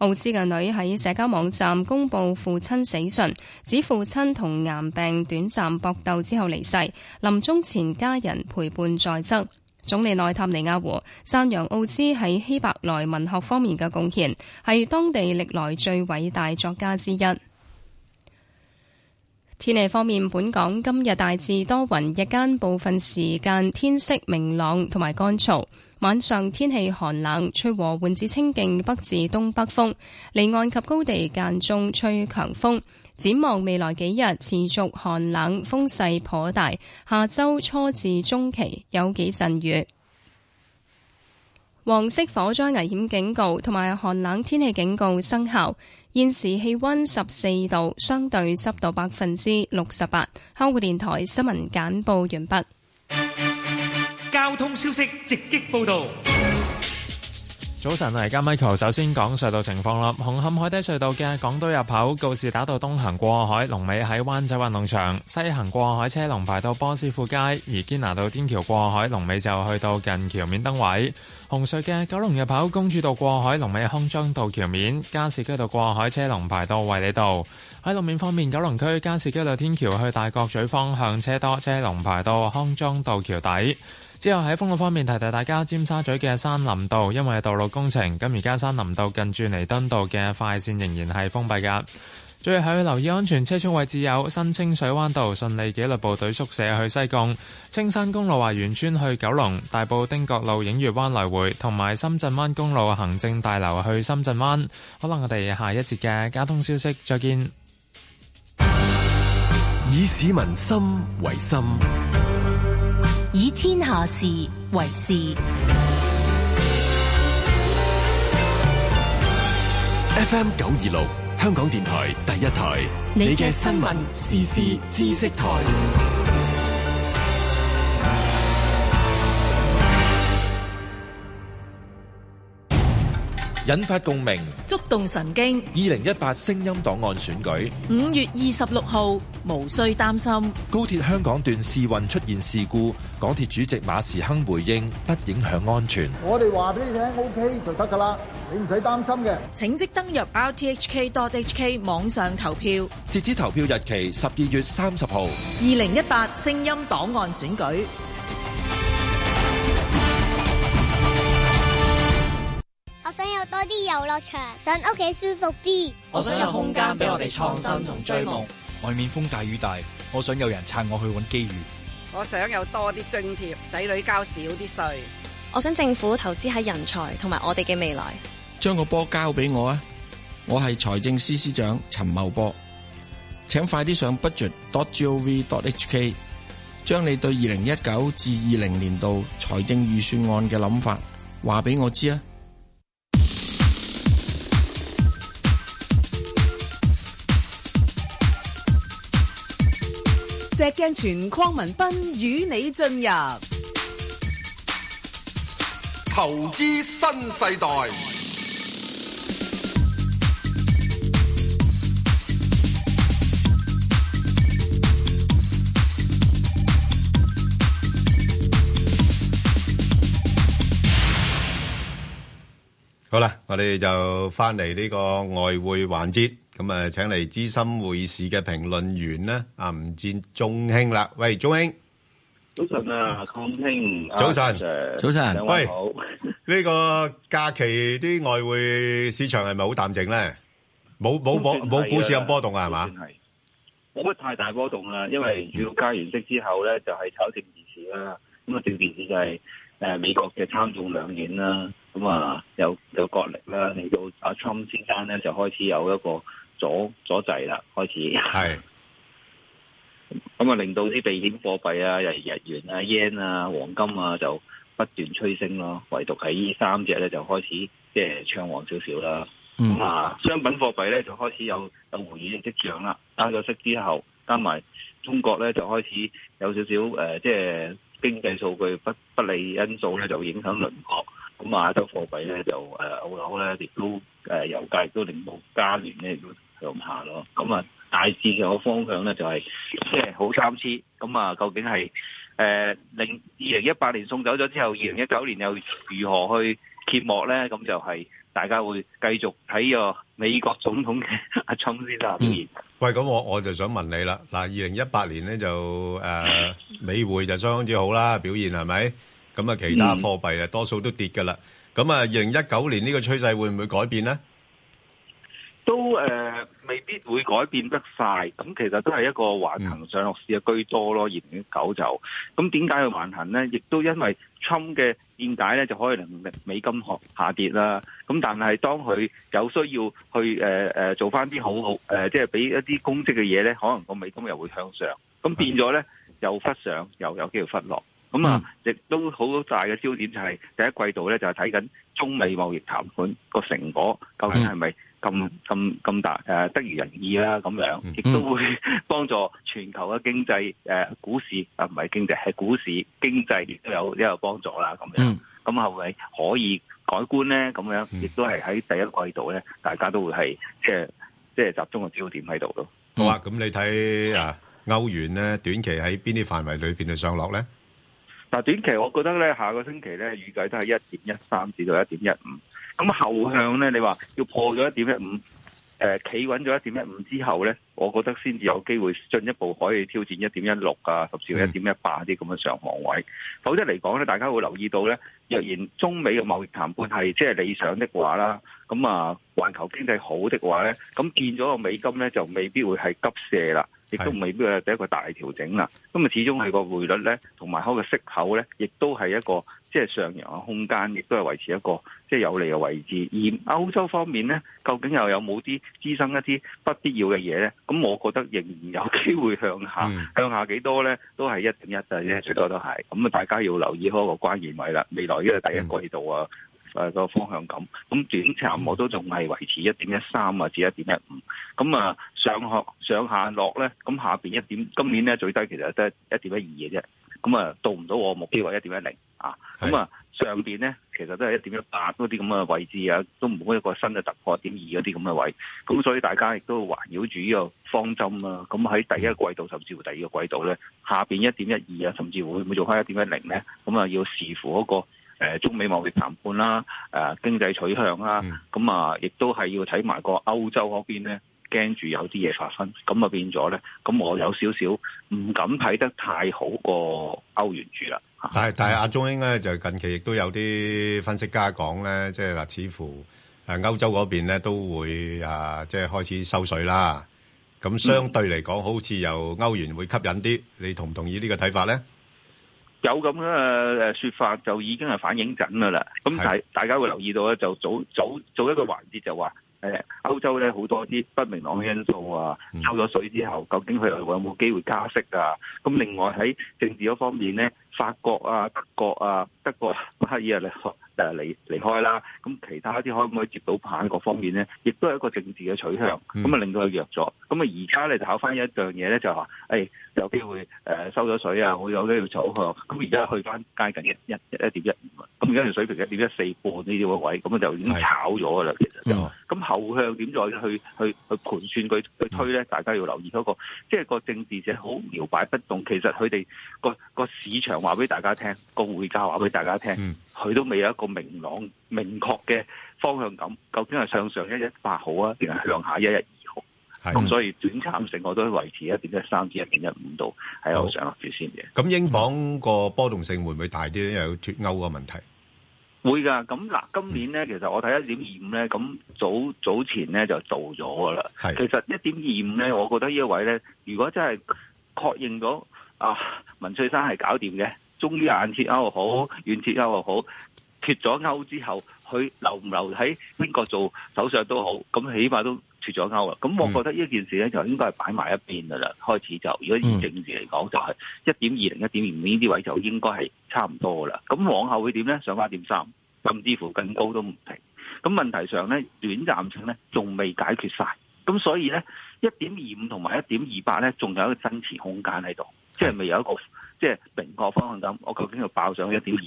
奧茲嘅女喺社交網站公布父親死訊，指父親同癌病短暫搏鬥之後離世，臨終前家人陪伴在側。總理內塔尼亞胡讚揚奧茲喺希伯來文學方面嘅貢獻，係當地歷來最偉大作家之一。天氣方面，本港今日大致多雲，日間部分時間天色明朗同埋乾燥，晚上天氣寒冷，吹和緩至清勁北至東北風，離岸及高地間中吹強風。展望未來幾日持續寒冷，風勢頗大，下周初至中期有幾陣雨。黃色火災危險警告同埋寒冷天氣警告生效。現時氣溫十四度，相對濕度百分之六十八。香港電台新聞簡報完畢。交通消息直擊報道。早晨，嚟，係家 Michael，首先講隧道情況咯。紅磡海底隧道嘅港島入口告士打道東行過海，龍尾喺灣仔運動場；西行過海車龍排到波斯富街。而堅拿道天橋過海，龍尾就去到近橋面燈位。紅隧嘅九龍入口公主道過海，龍尾喺康莊道橋面；加士居道過海車龍排到衛理道。喺路面方面，九龍區加士居道天橋去大角咀方向車多，車龍排到康莊道橋底。之後喺封路方面，提提大家，尖沙咀嘅山林道因為道路工程，咁而家，山林道近住彌敦道嘅快線仍然係封閉噶。最後要留意安全車速位置有新清水灣道、順利紀律部隊宿舍去西貢、青山公路華員村去九龍、大埔汀角路、映月灣來回，同埋深圳灣公路行政大樓去深圳灣。可能我哋下一節嘅交通消息，再見。以市民心為心。天下事為事，FM 九二六香港電台第一台，你嘅新聞時事知識台。引發共鳴，觸動神經 ,2018 聲音檔案選舉 ,5 月26號無需擔心，高鐵香港段試運出現事故，港鐵主席馬時亨回應不影響安全。我哋話畀你聽，OK，就得㗎喇，你唔使擔心嘅。請即登入 rthk OK, hk 網上投票截止投票日期12月30號 ,2018 聲音檔案選舉。啲遊樂場，想屋企舒服啲。我想有空間俾我哋創新同追夢。外面風大雨大，我想有人撐我去揾機遇。我想有多啲津貼，仔女交少啲稅。我想政府投資喺人才同埋我哋嘅未來。將個波交俾我啊！我係財政司司長陳茂波，請快啲上 budget.gov.hk，將你對二零一九至二零年度財政預算案嘅諗法話俾我知啊！石鏡泉鄺民彬與你進入投資新世代。好啦，我哋就翻嚟呢個外匯環節。咁啊，請嚟資深匯市嘅評論員咧，阿吳志忠兄啦，喂，忠兄，早晨啊，鄺兄，早晨，早晨，喂，好，呢個假期啲外匯市場係咪好淡靜咧？冇冇波冇股市咁波動啊？係嘛？冇乜太大波動啦，因為要加完息之後咧，就係炒定電視啦。咁啊，定電視就係誒美國嘅參眾兩院啦。咁啊，有有角力啦，嚟到阿 Trump 先生咧就開始有一個。阻阻滯啦，開始係，咁啊令到啲避險貨幣啊，尤其是日元啊、yen 啊、黃金啊，就不斷催升咯。唯獨係呢三隻咧，就開始即係暢旺少少啦。啊，商品貨幣咧就開始有有回軟嘅跡象啦。加咗息之後，加埋中國咧就開始有少少誒，即、呃、係、就是、經濟數據不不利因素咧就影響鄰國。咁、啊、亞洲貨幣咧就誒，澳紐咧亦都誒、呃，油價亦都令到加元咧。就唔下咯，咁啊，大市嘅方向咧就係即係好參差，咁啊，究竟係誒，零二零一八年送走咗之後，二零一九年又如何去揭幕咧？咁就係大家會繼續睇個美國總統嘅啊寵先啦表現。喂，咁我我就想問你啦，嗱，二零一八年咧就誒美匯就相當之好啦，表現係咪？咁啊，其他貨幣啊多數都跌噶啦，咁啊，二零一九年呢個趨勢會唔會改變咧？都誒、呃、未必會改變得快，咁其實都係一個橫行上落市嘅居多咯，二零一九就咁點解去橫行咧？亦都因為侵嘅見解咧，就可以令美金降下跌啦。咁但係當佢有需要去誒、呃、做翻啲好誒好、呃，即係俾一啲公積嘅嘢咧，可能個美金又會向上。咁變咗咧，又忽上又有機會忽落。咁啊，亦都好大嘅焦點就係第一季度咧，就係睇緊中美貿易談判個成果究竟係咪？咁咁咁大誒，得如人意啦，咁樣亦都會幫助全球嘅經濟誒、啊、股市啊，唔係經濟係股市經濟亦都有都有幫助啦，咁樣咁係咪可以改觀咧？咁樣亦都係喺第一季度咧，大家都會係即係即係集中嘅焦點喺度咯。好、嗯、啊，咁你睇啊歐元咧，短期喺邊啲範圍裏邊去上落咧？嗱、嗯，短期我覺得咧，下個星期咧預計都係一點一三至到一點一五。咁後向咧，你話要破咗一點一五，誒，企穩咗一點一五之後咧，我覺得先至有機會進一步可以挑戰一點一六啊，甚至一點一八啲咁嘅上行位。否則嚟講咧，大家會留意到咧，若然中美嘅貿易談判係即係理想的話啦，咁啊，環球經濟好的話咧，咁見咗個美金咧就未必會係急射啦，亦都未必會係第一個大調整啦。咁啊，始終係個匯率咧，同埋開個息口咧，亦都係一個。即係上揚嘅空間，亦都係維持一個即係有利嘅位置。而歐洲方面咧，究竟又有冇啲滋生一啲不必要嘅嘢咧？咁我覺得仍然有機會向下，嗯、向下幾多咧，都係一點一嘅啫，最多都係。咁啊，大家要留意開個關鍵位啦。未來呢個第一季度啊，誒、嗯、個、啊、方向咁咁短暫我都仲係維持一點一三啊至一點一五。咁啊，上上下落咧，咁下邊一點，今年咧最低其實得一點一二嘅啫。咁啊，到唔到我目標一點一零。咁啊，上面咧其實都係一點一八嗰啲咁嘅位置啊，都唔會一個新嘅突破一點二嗰啲咁嘅位，咁所以大家亦都環繞住呢個方針啦、啊。咁喺第一季度甚至乎第二個季度咧，下邊一點一二啊，甚至乎會唔會做開一點一零咧？咁啊，要視乎嗰、嗰個、呃、中美貿易談判啦，誒、呃、經濟取向啦，咁啊，亦都係要睇埋個歐洲嗰邊咧，驚住有啲嘢發生，咁啊變咗咧，咁我有少少唔敢睇得太好個歐元住啦。但係但係，阿中英咧，就近期亦都有啲分析家講咧，即係嗱，似乎誒歐洲嗰邊咧都會啊，即係開始收稅啦。咁相對嚟講，好似由歐元會吸引啲，你同唔同意呢個睇法咧？有咁嘅説法就已經係反映緊噶啦。咁但係大家會留意到咧，就早早早一個環節就話。誒歐洲咧好多啲不明朗嘅因素啊，抽咗水之後，究竟佢有冇機會加息啊？咁另外喺政治嗰方面咧，法國啊、德國啊、德國咁刻意啊嚟誒離開啦，咁其他啲可唔可以接到棒嗰方面咧，亦都係一個政治嘅取向，咁啊令到佢弱咗。咁啊而家咧就考翻一樣嘢咧，就係話誒有機會、呃、收咗水啊，有機會有啲嘢走。嗬、嗯。咁而家去翻街近一一一點一五咁而家水平一點一四半呢啲位，咁就已經炒咗噶啦。其實就，咁、嗯、後向點再去去去,去盤算佢去推咧？大家要留意嗰、這個，即係個政治者好搖擺不動。其實佢哋個個市場話俾大家聽，個匯價話俾大家聽，佢都未有一個明朗明確嘅方向感。究竟係向上一一八好啊，定係向下一日？咁、啊、所以短暫性我都會維持一點一三至一點一五度喺度上落住先嘅。咁英鎊個波動性會唔會大啲咧？因為有脱歐個問題，會噶。咁嗱，今年咧其實我睇一點二五咧，咁早早前咧就做咗噶啦。其實一點二五咧，我覺得呢一位咧，如果真係確認到啊，文翠珊係搞掂嘅，終於硬脱歐又好，軟脱歐又好，脱咗歐之後。佢留唔留喺英國做首相都好，咁起碼都脱咗鈎啦。咁我覺得呢一件事咧就應該係擺埋一邊噶啦。開始就如果以政治嚟講就係一點二零、一點二五呢啲位就應該係差唔多噶啦。咁往後會點咧？上翻一點三，甚至乎更高都唔停。咁問題上咧短暫性咧仲未解決晒。咁所以咧一點二五同埋一點二八咧仲有一個增持空間喺度，即係未有一個即係、就是、明確方向咁。我究竟要爆上一點二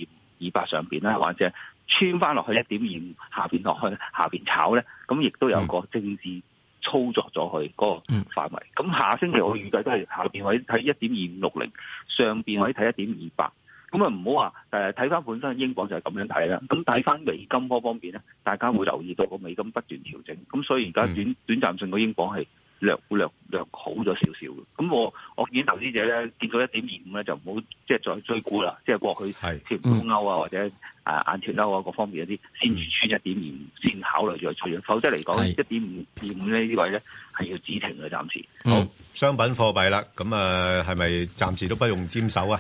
二八上面咧，或者？穿翻落去，下下去一點二五下邊落去下邊炒咧，咁亦都有個政治操作咗去嗰個範圍。咁、嗯、下星期我預計都係下邊可以睇一點二五六零，上邊可以睇一點二八。咁啊唔好話誒睇翻本身英鎊就係咁樣睇啦。咁睇翻美金嗰方面咧，大家會留意到個美金不斷調整。咁所以而家短短暫性個英鎊係。略、略、略好咗少少，咁我我見投資者咧，見到一點二五咧就唔好即係再追估啦，即係過去脫歐啊或者啊眼脫歐啊各方面有啲、嗯、先穿一點二五先考慮再追，否則嚟講一點五二五呢呢位咧係要止停嘅暫時。好，商品貨幣啦，咁啊係咪暫時都不用沾手啊？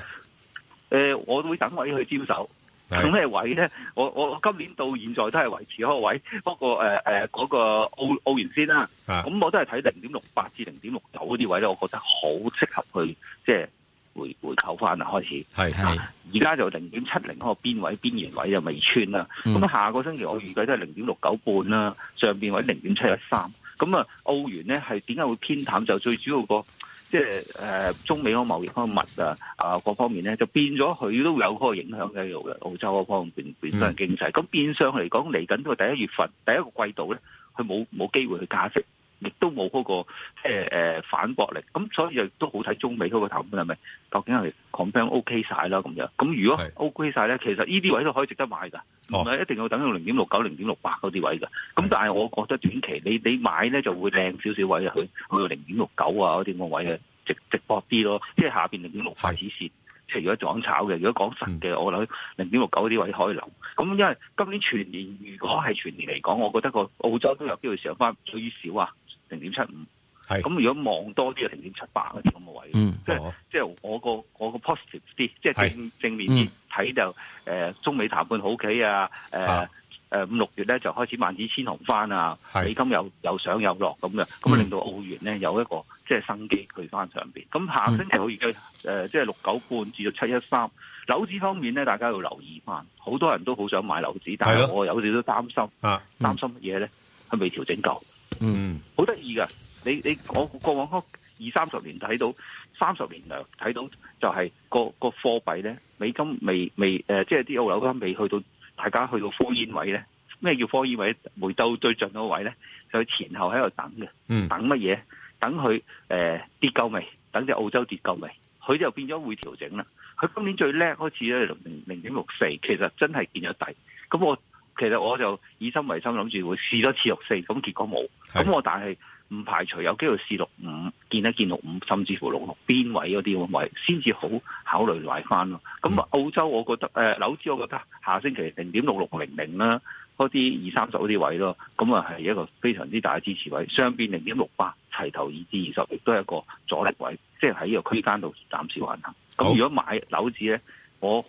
誒、呃，我會等位去沾手。咁咩位咧？我我今年到現在都係維持開個位，不過誒誒嗰個澳澳、呃那個、元先啦、啊。咁我都係睇零點六八至零點六九嗰啲位咧，我覺得好適合去即係回回購翻啦。開始係係，而家就零點七零嗰個邊位邊緣位就未穿啦。咁、嗯、下個星期我預計都係零點六九半啦、啊，上邊位零點七一三。咁啊，澳元咧係點解會偏淡？就係、最主要個。即係誒、呃、中美嗰貿易嗰個物啊啊各方面咧，就變咗佢都有嗰個影響喺度嘅，澳洲嗰方面本身經濟，咁變相嚟講嚟緊到第一月份第一個季度咧，佢冇冇機會去加息。亦都冇嗰個即係反駁力，咁所以亦都好睇中美嗰個頭面係咪，究竟係 confirm OK 晒啦咁樣，咁如果 OK 晒咧，其實呢啲位都可以值得買㗎，唔、哦、一定要等到零點六九、零點六八嗰啲位㗎。咁但係我覺得短期你你買咧就會靚少少位去佢去到零點六九啊嗰啲位啊，直直搏啲咯。即係下面零點六八止蝕線，即係如果撞炒嘅，如果講實嘅，我諗零點六九嗰啲位可以留。咁因為今年全年如果係全年嚟講，我覺得個澳洲都有機會上翻最少啊。零點七五，咁如果望多啲就零點七八嗰啲咁嘅位，即係即係我個我個 positive 啲，即、就、係、是、正正面睇、嗯、就，誒、呃、中美談判好企啊，誒誒五六月咧就開始萬紫千紅翻啊，美金又又上又落咁嘅，咁令到澳元咧有一個即係、就是、生機，佢翻上面。咁下星期可以嘅，即、嗯、係、呃就是、六九半至到七一三。樓市方面咧，大家要留意翻，好多人都好想買樓市，但係我有少少擔心，啊嗯、擔心乜嘢咧？佢未調整夠。嗯，好得意噶！你你我，我過往二三十年睇到三十年嚟，睇到就係個個貨幣咧，美金未未誒、呃，即係啲澳紐金未去到大家去到科煙位咧。咩叫科煙位？澳洲最盡嗰位咧，就前後喺度等嘅、嗯。等乜嘢？等佢誒、呃、跌夠未？等隻澳洲跌夠未？佢就變咗會調整啦。佢今年最叻開始咧零零點六四，0，其實真係見咗底。咁我。其實我就以心為心，諗住會試多次六四，咁結果冇。咁我但係唔排除有機會試六五，見一見六五，甚至乎六六邊位嗰啲位，先至好考慮買翻咯。咁、嗯、澳洲，我覺得誒、呃、紐子我覺得下星期零點六六零零啦，嗰啲二三十嗰啲位咯，咁啊係一個非常之大嘅支持位。雙邊零點六八齊頭二至二十，亦都係一個阻力位，即係喺呢個區間度暫時還行。咁、嗯、如果買紐子咧，我。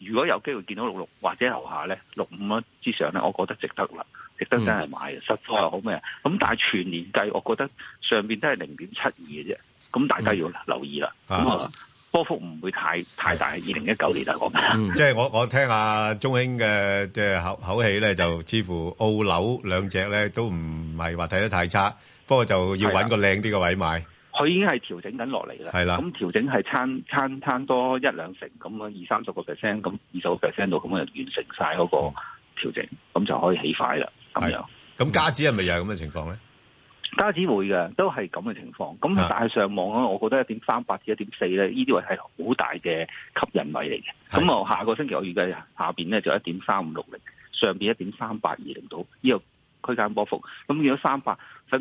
如果有機會見到六六或者樓下咧，六五蚊之上咧，我覺得值得啦，值得真係買，實、嗯、況又好咩？咁但係全年計，我覺得上邊都係零點七二嘅啫，咁大家要留意啦。咁、嗯、啊，波幅唔會太太大。二零一九年就講啦。即、嗯、係、嗯、 我我聽阿中興嘅即、係、口口氣咧，就似乎澳樓兩隻咧都唔係話睇得太差，不過就要搵個靚啲嘅位買。佢已經係調整緊落嚟啦，咁調整係差差差多一兩成咁樣，二三十個 percent，咁二十個 percent 度咁就完成晒嗰個調整，咁、哦、就可以起快啦。咁樣咁、嗯、加指係咪又係咁嘅情況咧？加指會嘅，都係咁嘅情況。咁但係上網咧，我覺得一點三八至一點四咧，呢啲位係好大嘅吸引位嚟嘅。咁我下個星期我預計下邊咧就一點三五六零，上邊一點三八二零度，呢個區間波幅。咁見咗三八。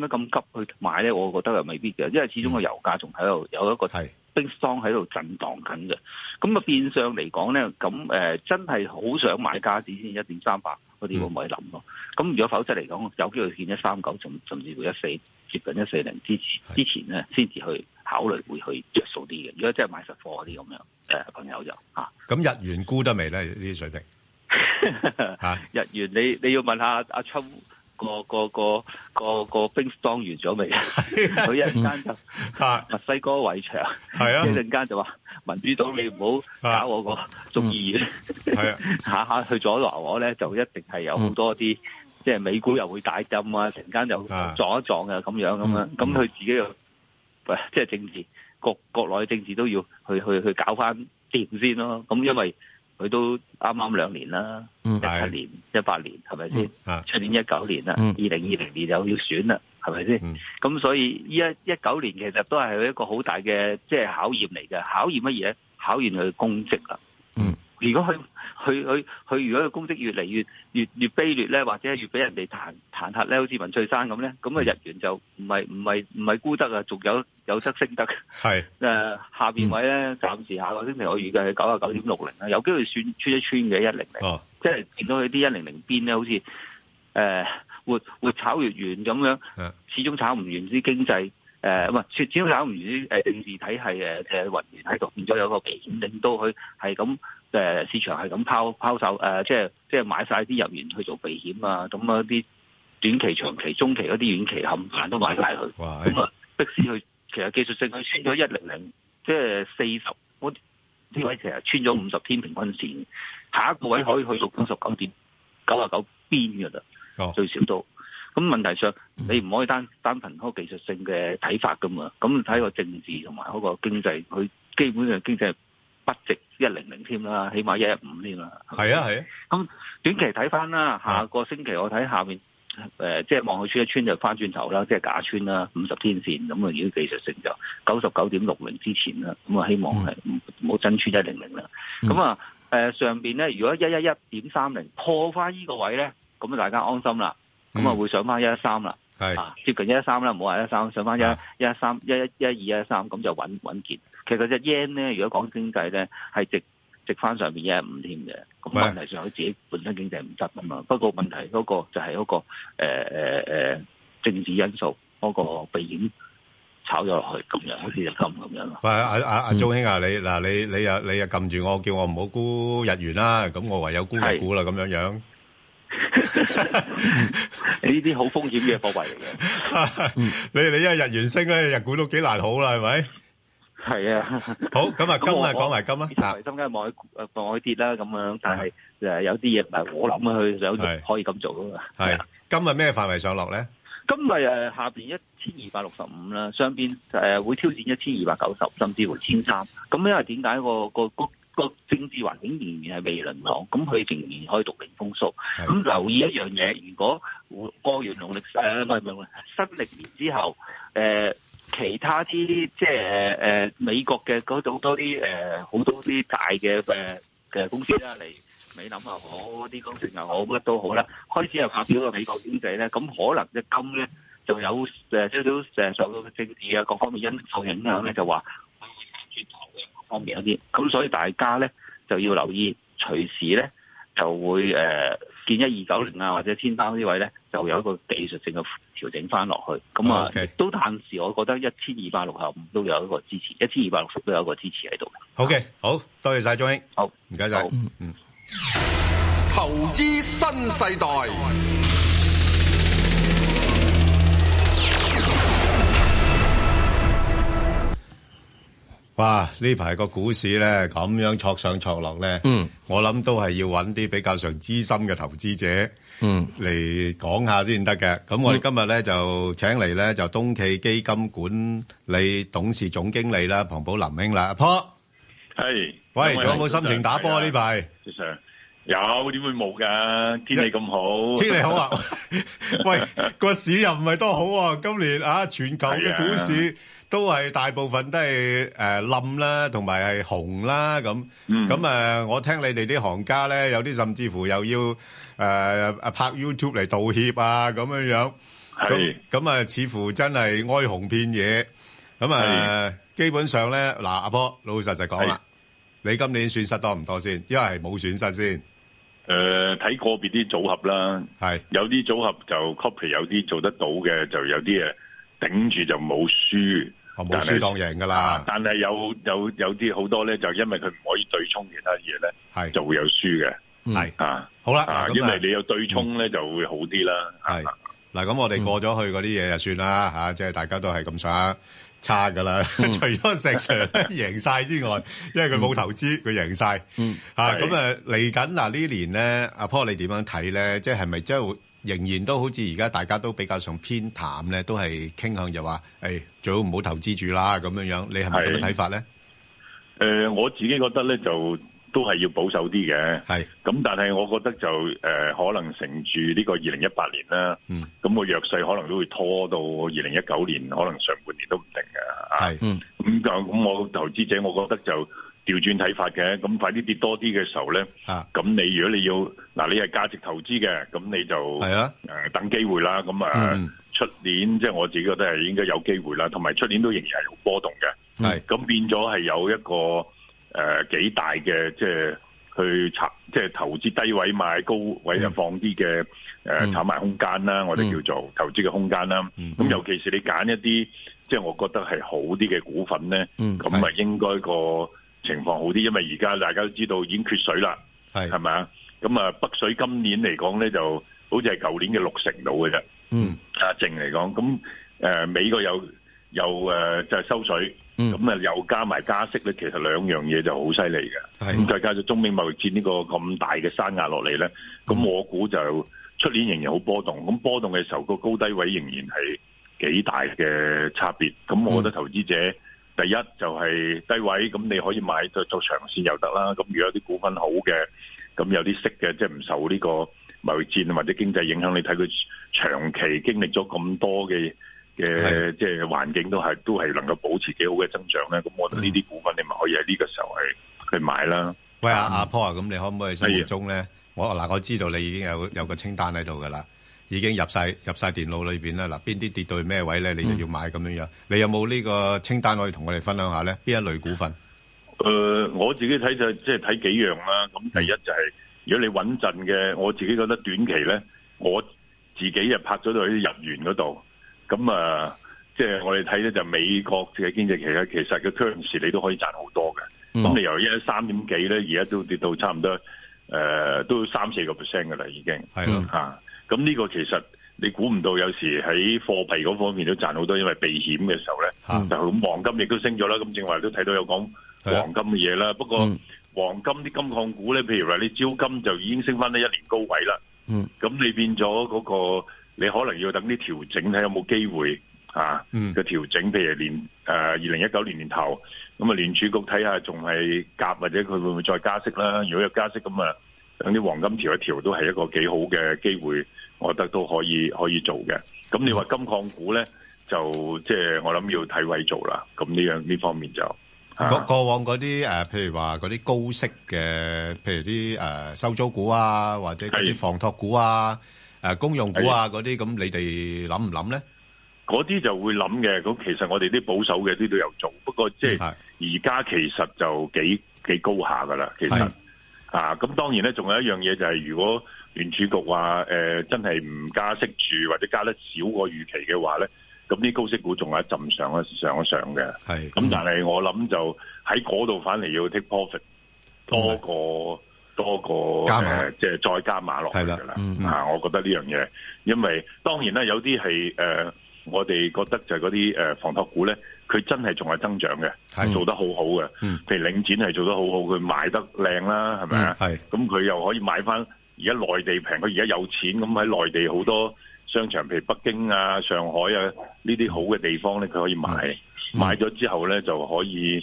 咁急去買咧？我覺得又未必嘅，因為始終個油價仲喺度有一個冰霜喺度震盪緊嘅。咁啊變相嚟講咧，咁、呃、真係好想買家子先一點三八嗰啲會唔會諗咯。咁、嗯、如果否則嚟講，有機會見一三九，甚甚至乎一四接近一四零之之前咧，先至去考慮會去着數啲嘅。如果真係買實貨嗰啲咁樣誒朋友就嚇。咁日元沽得未咧呢啲水平？ 啊、日元你你要問下阿秋。啊 Trump, 個個個個個 things 當完咗未？佢一陣間就墨西哥圍牆、 啊，一陣間就話民主黨你唔好搞我個眾議院。下 下去咗華我咧，就一定係有好多啲、嗯，即係美股又會解針啊，成間又撞一撞啊，咁樣咁啊，咁、嗯、佢自己又即係政治國，國內政治都要去去去搞翻掂先咯。咁因為佢都啱啱兩年啦，一、嗯、七年、一八年，係咪先？出、嗯、年一九、嗯、年啦，二零二零年就要選啦，係咪先？咁、嗯、所以依一一九年其實都係一個好大嘅即係考驗嚟嘅，考驗乜嘢？考驗佢嘅公職啦。如果佢佢佢佢，他他他如果個攻擊越嚟越越越卑劣咧，或者越俾人哋彈彈劾咧，好似文翠珊咁咧，咁啊日元就唔係唔係唔係孤得啊，仲有有得升得。係誒、呃、下邊位咧，暫時下個星期我預計係九啊九點六零啦，有機會算穿一穿嘅一零零。哦，即係見到佢啲一零零邊咧，好似誒越越炒越完咁樣，始終炒唔完啲經濟誒，咁、呃、啊始終炒唔完啲誒政治體係誒誒混亂喺度，變咗有個危險，令到佢係咁。誒市場係咁拋拋售，誒、呃、即係即係買晒啲日圓去做避險啊！咁啊啲短期、長期、中期嗰啲遠期冚唪唥都買曬去。咁啊，逼使佢其實技術性佢穿咗一零零，即係四十。我呢位其實穿咗五十天平均線，下一個位可以去到九十九點九啊九邊噶啦，最少都。咁問題上你唔可以單單憑個技術性嘅睇法噶嘛？咁睇個政治同埋嗰個經濟，佢基本上經濟。不值一零零添啦，起碼一一五添啦。係啊係啊，咁、啊、短期睇翻啦，下個星期我睇下面，誒、呃，即、就、係、是、望去穿一穿就翻轉頭啦，即、就、係、是、假穿啦，五十天線咁啊、嗯嗯呃，如果技術性就九十九點六零之前啦，咁啊希望係唔好真穿一零零啦。咁啊誒上邊咧，如果一一一點三零破翻呢個位咧，咁啊大家安心啦，咁、嗯、啊會上翻一一三啦，係、啊、接近一一三啦，唔好話一一三上翻一一三一一一二一一三咁就穩穩健。其實隻 yen 咧，如果講經濟咧，係值值翻上面一五添嘅。咁問題上佢自己本身經濟唔得啊嘛。不過問題嗰個就係嗰個誒誒誒政治因素嗰個避險炒咗落去，咁樣好似就咁樣。喂阿阿阿鍾兄啊，你嗱你你又你又撳住我，叫我唔好沽日元啦。咁我唯有沽日股啦，咁樣樣。呢啲好風險嘅貨幣嚟嘅。你你一日元升咧，日股都幾難好啦，係咪？係啊，好咁啊，今咪講埋金啦，心家望佢誒望佢跌啦咁樣，但係誒有啲嘢唔係我諗佢想，係可以咁做噶嘛。係啊，今咪咩範圍上落咧？今咪誒下邊一千二百六十五啦，上邊誒會挑戰一千二百九十，甚至乎千三。咁因為點解？個個個個政治環境仍然係未明朗，咁佢仍然可以獨領風騷。咁留意一樣嘢，如果過完農曆誒唔係唔係，新曆年之後誒。其他啲即係誒誒，美國嘅嗰種多啲誒，好、呃、多啲大嘅誒嘅公司啦，嚟美林又好，啲工程又好乜都好啦。開始又發表個美國經濟咧，咁可能嘅金咧就有誒，即係少少受到嘅政治啊，各方面因素影響咧，就話可能會轉頭嘅方面有啲。咁所以大家咧就要留意，隨時咧就會誒。呃見一二九零啊，或者千三呢位咧，就有一個技術性嘅調整翻落去。咁啊，都暫時，我覺得一千二百六十五都有一個支持，一千二百六十都有一個支持喺度。Okay. 好嘅，好多謝晒。中英，好唔該晒，嗯嗯，投資新世代。哇！呢排個股市咧咁樣挫上挫落咧，我諗都係要揾啲比較上資深嘅投資者嚟講下先得嘅。咁我哋今日咧就請嚟咧就東企基金管理董事總經理啦，龐寶林兄啦，阿龐，係喂，仲有冇心情打波啊？呢排有，有點會冇㗎？天氣咁好，天氣好啊！喂，個市又唔係多好喎。今年啊，全球嘅股市。都係大部分都係誒冧啦，同埋係紅啦咁。咁誒、嗯，我聽你哋啲行家咧，有啲甚至乎又要誒、呃、拍 YouTube 嚟道歉啊咁樣樣。係咁啊，似乎真係哀鴻遍野。咁啊，基本上咧，嗱，阿波老實實講啦，你今年損失多唔多先？因為係冇損失先。誒、呃，睇個別啲組合啦。係有啲組合就 copy，有啲做得到嘅，就有啲誒頂住就冇輸。但係冇輸當贏噶啦，但係有有有啲好多咧，就因為佢唔可以對沖其他嘢咧，係就會有輸嘅。係、嗯、啊，好啦、嗯，因為你有對沖咧，就會好啲啦。係嗱，咁、嗯啊、我哋過咗去嗰啲嘢就算啦，吓、啊，即係大家都係咁想差噶啦、嗯，除咗石尚贏晒之外，因為佢冇投資，佢贏晒，吓咁、嗯、啊，嚟緊嗱呢年咧，阿坡你點樣睇咧？即係係咪真係會？仍然都好似而家大家都比較上偏淡咧，都係傾向就話，誒、哎、最好唔好投資住啦咁樣樣，你係咪咁嘅睇法咧？誒、呃，我自己覺得咧就都係要保守啲嘅。係，咁但係我覺得就誒、呃、可能乘住呢個二零一八年啦，咁、嗯、個弱勢可能都會拖到二零一九年，可能上半年都唔定嘅。係，嗯。咁就咁，我投資者，我覺得就。調轉睇法嘅。咁快啲跌多啲嘅時候咧，咁、啊、你如果你要嗱，你係價值投資嘅，咁你就係啊，誒、呃、等機會啦。咁啊，出、嗯、年即係、就是、我自己覺得係應該有機會啦。同埋出年都仍然係好波動嘅，係、嗯、咁變咗係有一個誒、呃、幾大嘅，即係去炒，即係投資低位買高位又放啲嘅誒炒賣空間啦。我哋叫做投資嘅空間啦。咁、嗯、尤其是你揀一啲即係我覺得係好啲嘅股份咧，咁、嗯、啊應該個。情況好啲，因為而家大家都知道已經缺水啦，係係咪啊？咁啊，北水今年嚟講咧，就好似係舊年嘅六成度嘅啫。嗯，啊淨嚟講，咁、呃、美國又又誒就係、是、收水，咁、嗯、啊又加埋加息咧，其實兩樣嘢就好犀利嘅。咁再加上中美貿易戰這個這呢個咁大嘅山壓落嚟咧，咁我估就出年仍然好波動。咁、嗯、波動嘅時候，個高低位仍然係幾大嘅差別。咁我覺得投資者，嗯第一就係低位，咁你可以買就做，做長線又得啦。咁如果啲股份好嘅，咁有啲息嘅，即係唔受呢個貿易戰或者經濟影響，你睇佢長期經歷咗咁多嘅嘅即係環境都係都係能夠保持幾好嘅增長咧。咁我覺得呢啲股份你咪可以喺呢個時候去去買啦、嗯。喂阿阿 Paul 啊，咁、嗯、你可唔可以心目中咧？我嗱我知道你已經有有個清單喺度噶啦。已經入晒入曬電腦裏邊啦！嗱，邊啲跌到去咩位咧？你就要買咁樣樣。你有冇呢個清單可以同我哋分享下咧？邊一類股份？誒、呃，我自己睇就即係睇幾樣啦。咁第一就係、是、如果你穩陣嘅，我自己覺得短期咧，我自己又拍咗到去啲日元嗰度。咁啊。即、呃、係、就是、我哋睇咧就是、美國嘅經濟期咧，其實個趨勢你都可以賺好多嘅。咁、嗯、你由一三點幾咧，而家都跌到差唔多誒、呃，都三四個 percent 㗎喇，已經係咯嚇。咁呢個其實你估唔到，有時喺貨幣嗰方面都賺好多，因為避險嘅時候咧，就、嗯、黃金亦都升咗啦。咁正話都睇到有講黃金嘅嘢啦。不過黃金啲金礦股咧、嗯，譬如話你招金就已經升翻一年高位啦。咁、嗯、你變咗嗰、嗰個，你可能要等啲調整睇有冇機會啊嘅、嗯、調整。譬如年誒二零一九年年頭，咁啊聯儲局睇下仲係夾或者佢會唔會再加息啦？如果有加息咁啊，等啲黃金調一調都係一個幾好嘅機會。我覺得都可以可以做嘅，咁你話金礦股咧，就即係我諗要睇位做啦。咁呢樣呢方面就不過，過往嗰啲誒，譬如話嗰啲高息嘅，譬如啲誒收租股啊，或者嗰啲房託股啊，誒公用股啊嗰啲，咁你哋諗唔諗咧？嗰啲就會諗嘅。咁其實我哋啲保守嘅啲都有做，不過即係而家其實就幾幾高下㗎喇。其實啊，咁當然咧，仲有一樣嘢就係如果。聯儲局話：誒、呃，真係唔加息住，或者加得少過預期嘅話咧，咁啲高息股仲係一浸上，上一上一上嘅。係，咁、嗯、但係我諗就喺嗰度反而要 take profit 多個、哦、多個加埋、呃，即係再加碼落去啦。嗯，我覺得呢樣嘢，因為當然呢，有啲係誒，我哋覺得就係嗰啲誒房託股咧，佢真係仲係增長嘅，係做得好好嘅。嗯。譬、嗯、如領展係做得好好，佢賣得靚啦，係咪啊？係。咁佢又可以買翻。而家內地平，佢而家有錢咁喺內地好多商場，譬如北京啊、上海啊呢啲好嘅地方咧，佢可以買、嗯、買咗之後咧就可以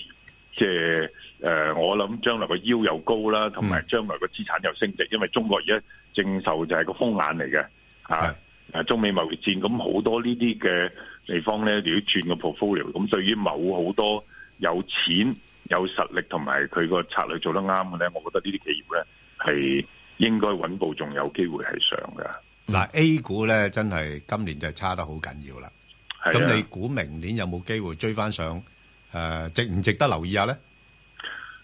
即係誒，我諗將來個 yield 又高啦，同埋將來個資產又升值、嗯，因為中國而家正受就係個風眼嚟嘅嚇，誒中美貿易戰咁好多呢啲嘅地方咧，如果轉個 portfolio，咁對於某好多有錢有實力同埋佢個策略做得啱嘅咧，我覺得呢啲企業咧係。應該穩步仲有機會係上㗎。嗱、嗯、A 股咧真係今年就係差得好緊要啦。咁你估明年有冇機會追翻上？誒、呃，值唔值得留意一下咧？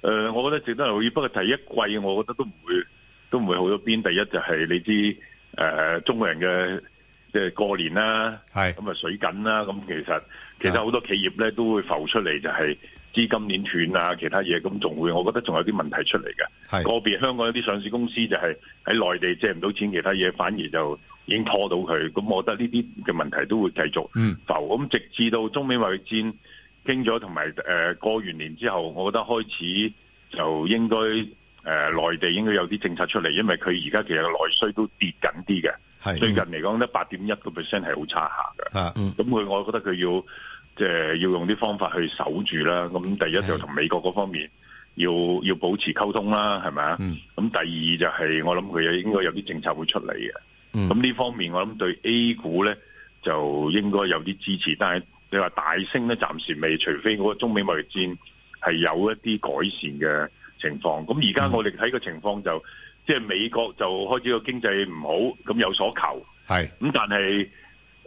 誒、呃，我覺得值得留意。不過第一季我覺得都唔會，都唔會好多邊。第一就係你知誒、呃，中國人嘅即係過年啦，咁啊水緊啦。咁其實其實好多企業咧都會浮出嚟就係、是。資金鏈斷啊，其他嘢咁仲會，我覺得仲有啲問題出嚟嘅。個別香港有啲上市公司就係喺內地借唔到錢，其他嘢反而就已經拖到佢。咁我覺得呢啲嘅問題都會繼續浮。咁、嗯、直至到中美貿易戰傾咗，同埋誒過完年之後，我覺得開始就應該誒、呃、內地應該有啲政策出嚟，因為佢而家其實內需都跌緊啲嘅。最近嚟講咧，八點一個 percent 係好差下嘅。咁、啊、佢、嗯，我覺得佢要。即係要用啲方法去守住啦。咁第一就同美國嗰方面要要保持溝通啦，係咪啊？咁、嗯、第二就係、係、我諗佢應該有啲政策會出嚟嘅。咁、嗯、呢方面我諗對 A 股咧就應該有啲支持。但係你話大升咧，暫時未，除非嗰中美貿易戰係有一啲改善嘅情況。咁而家我哋睇個情況就、嗯、即係美國就開始個經濟唔好，咁有所求。咁，但係。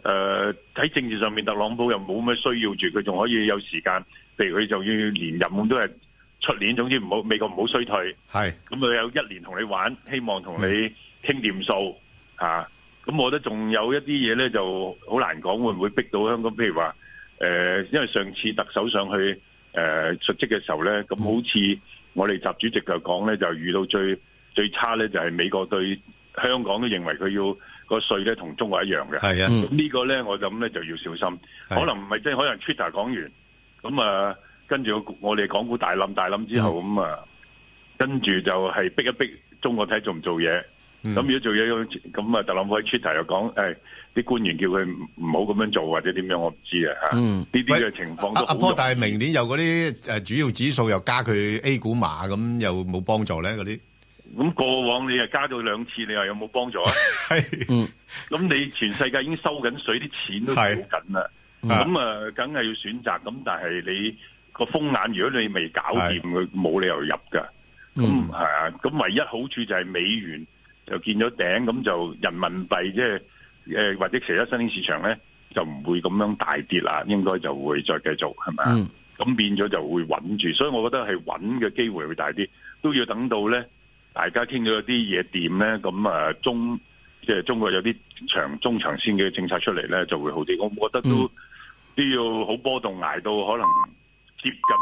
誒、呃，喺政治上面，特朗普又冇咩需要住，佢仲可以有時間。譬如佢就要連任咁都係出年，總之唔好美國唔好衰退。係咁佢有一年同你玩，希望同你傾掂數吓。咁、嗯啊、我覺得仲有一啲嘢咧，就好難講會唔會逼到香港。譬如話誒、呃，因為上次特首上去誒、呃、述職嘅時候咧，咁好似我哋習主席就講咧，就遇到最最差咧，就係、是、美國對香港都認為佢要。個稅咧同中國一樣嘅，啊，呢個咧我就諗咧就要小心，可能唔係即係可能 Twitter 講完，咁啊跟住我哋港股大冧大冧之後咁啊，跟住、嗯啊、就係逼一逼中國睇做唔做嘢，咁、嗯、如果做嘢咁啊特朗普喺 Twitter 又講，誒、哎、啲官員叫佢唔好咁樣做或者點樣我唔知、嗯、啊呢啲嘅情況都好。阿、啊、波，但係明年有嗰啲主要指數又加佢 A 股碼咁，又冇幫助咧嗰啲。咁過往你又加咗兩次，你話有冇幫助啊？嗯，咁你全世界已經收緊水，啲錢都收緊啦。咁 誒、啊，梗係要選擇。咁但係你個風眼，如果你未搞掂，佢 冇理由入噶。咁 啊，咁唯一好處就係美元就見咗頂，咁就人民幣即係誒或者其他新興市場咧，就唔會咁樣大跌啦。應該就會再繼續係咪啊？咁 變咗就會穩住，所以我覺得係穩嘅機會會大啲。都要等到咧。大家傾咗啲嘢掂咧，咁啊中即係中國有啲長中長線嘅政策出嚟咧，就會好啲。我覺得都都要好波動，挨到可能接近。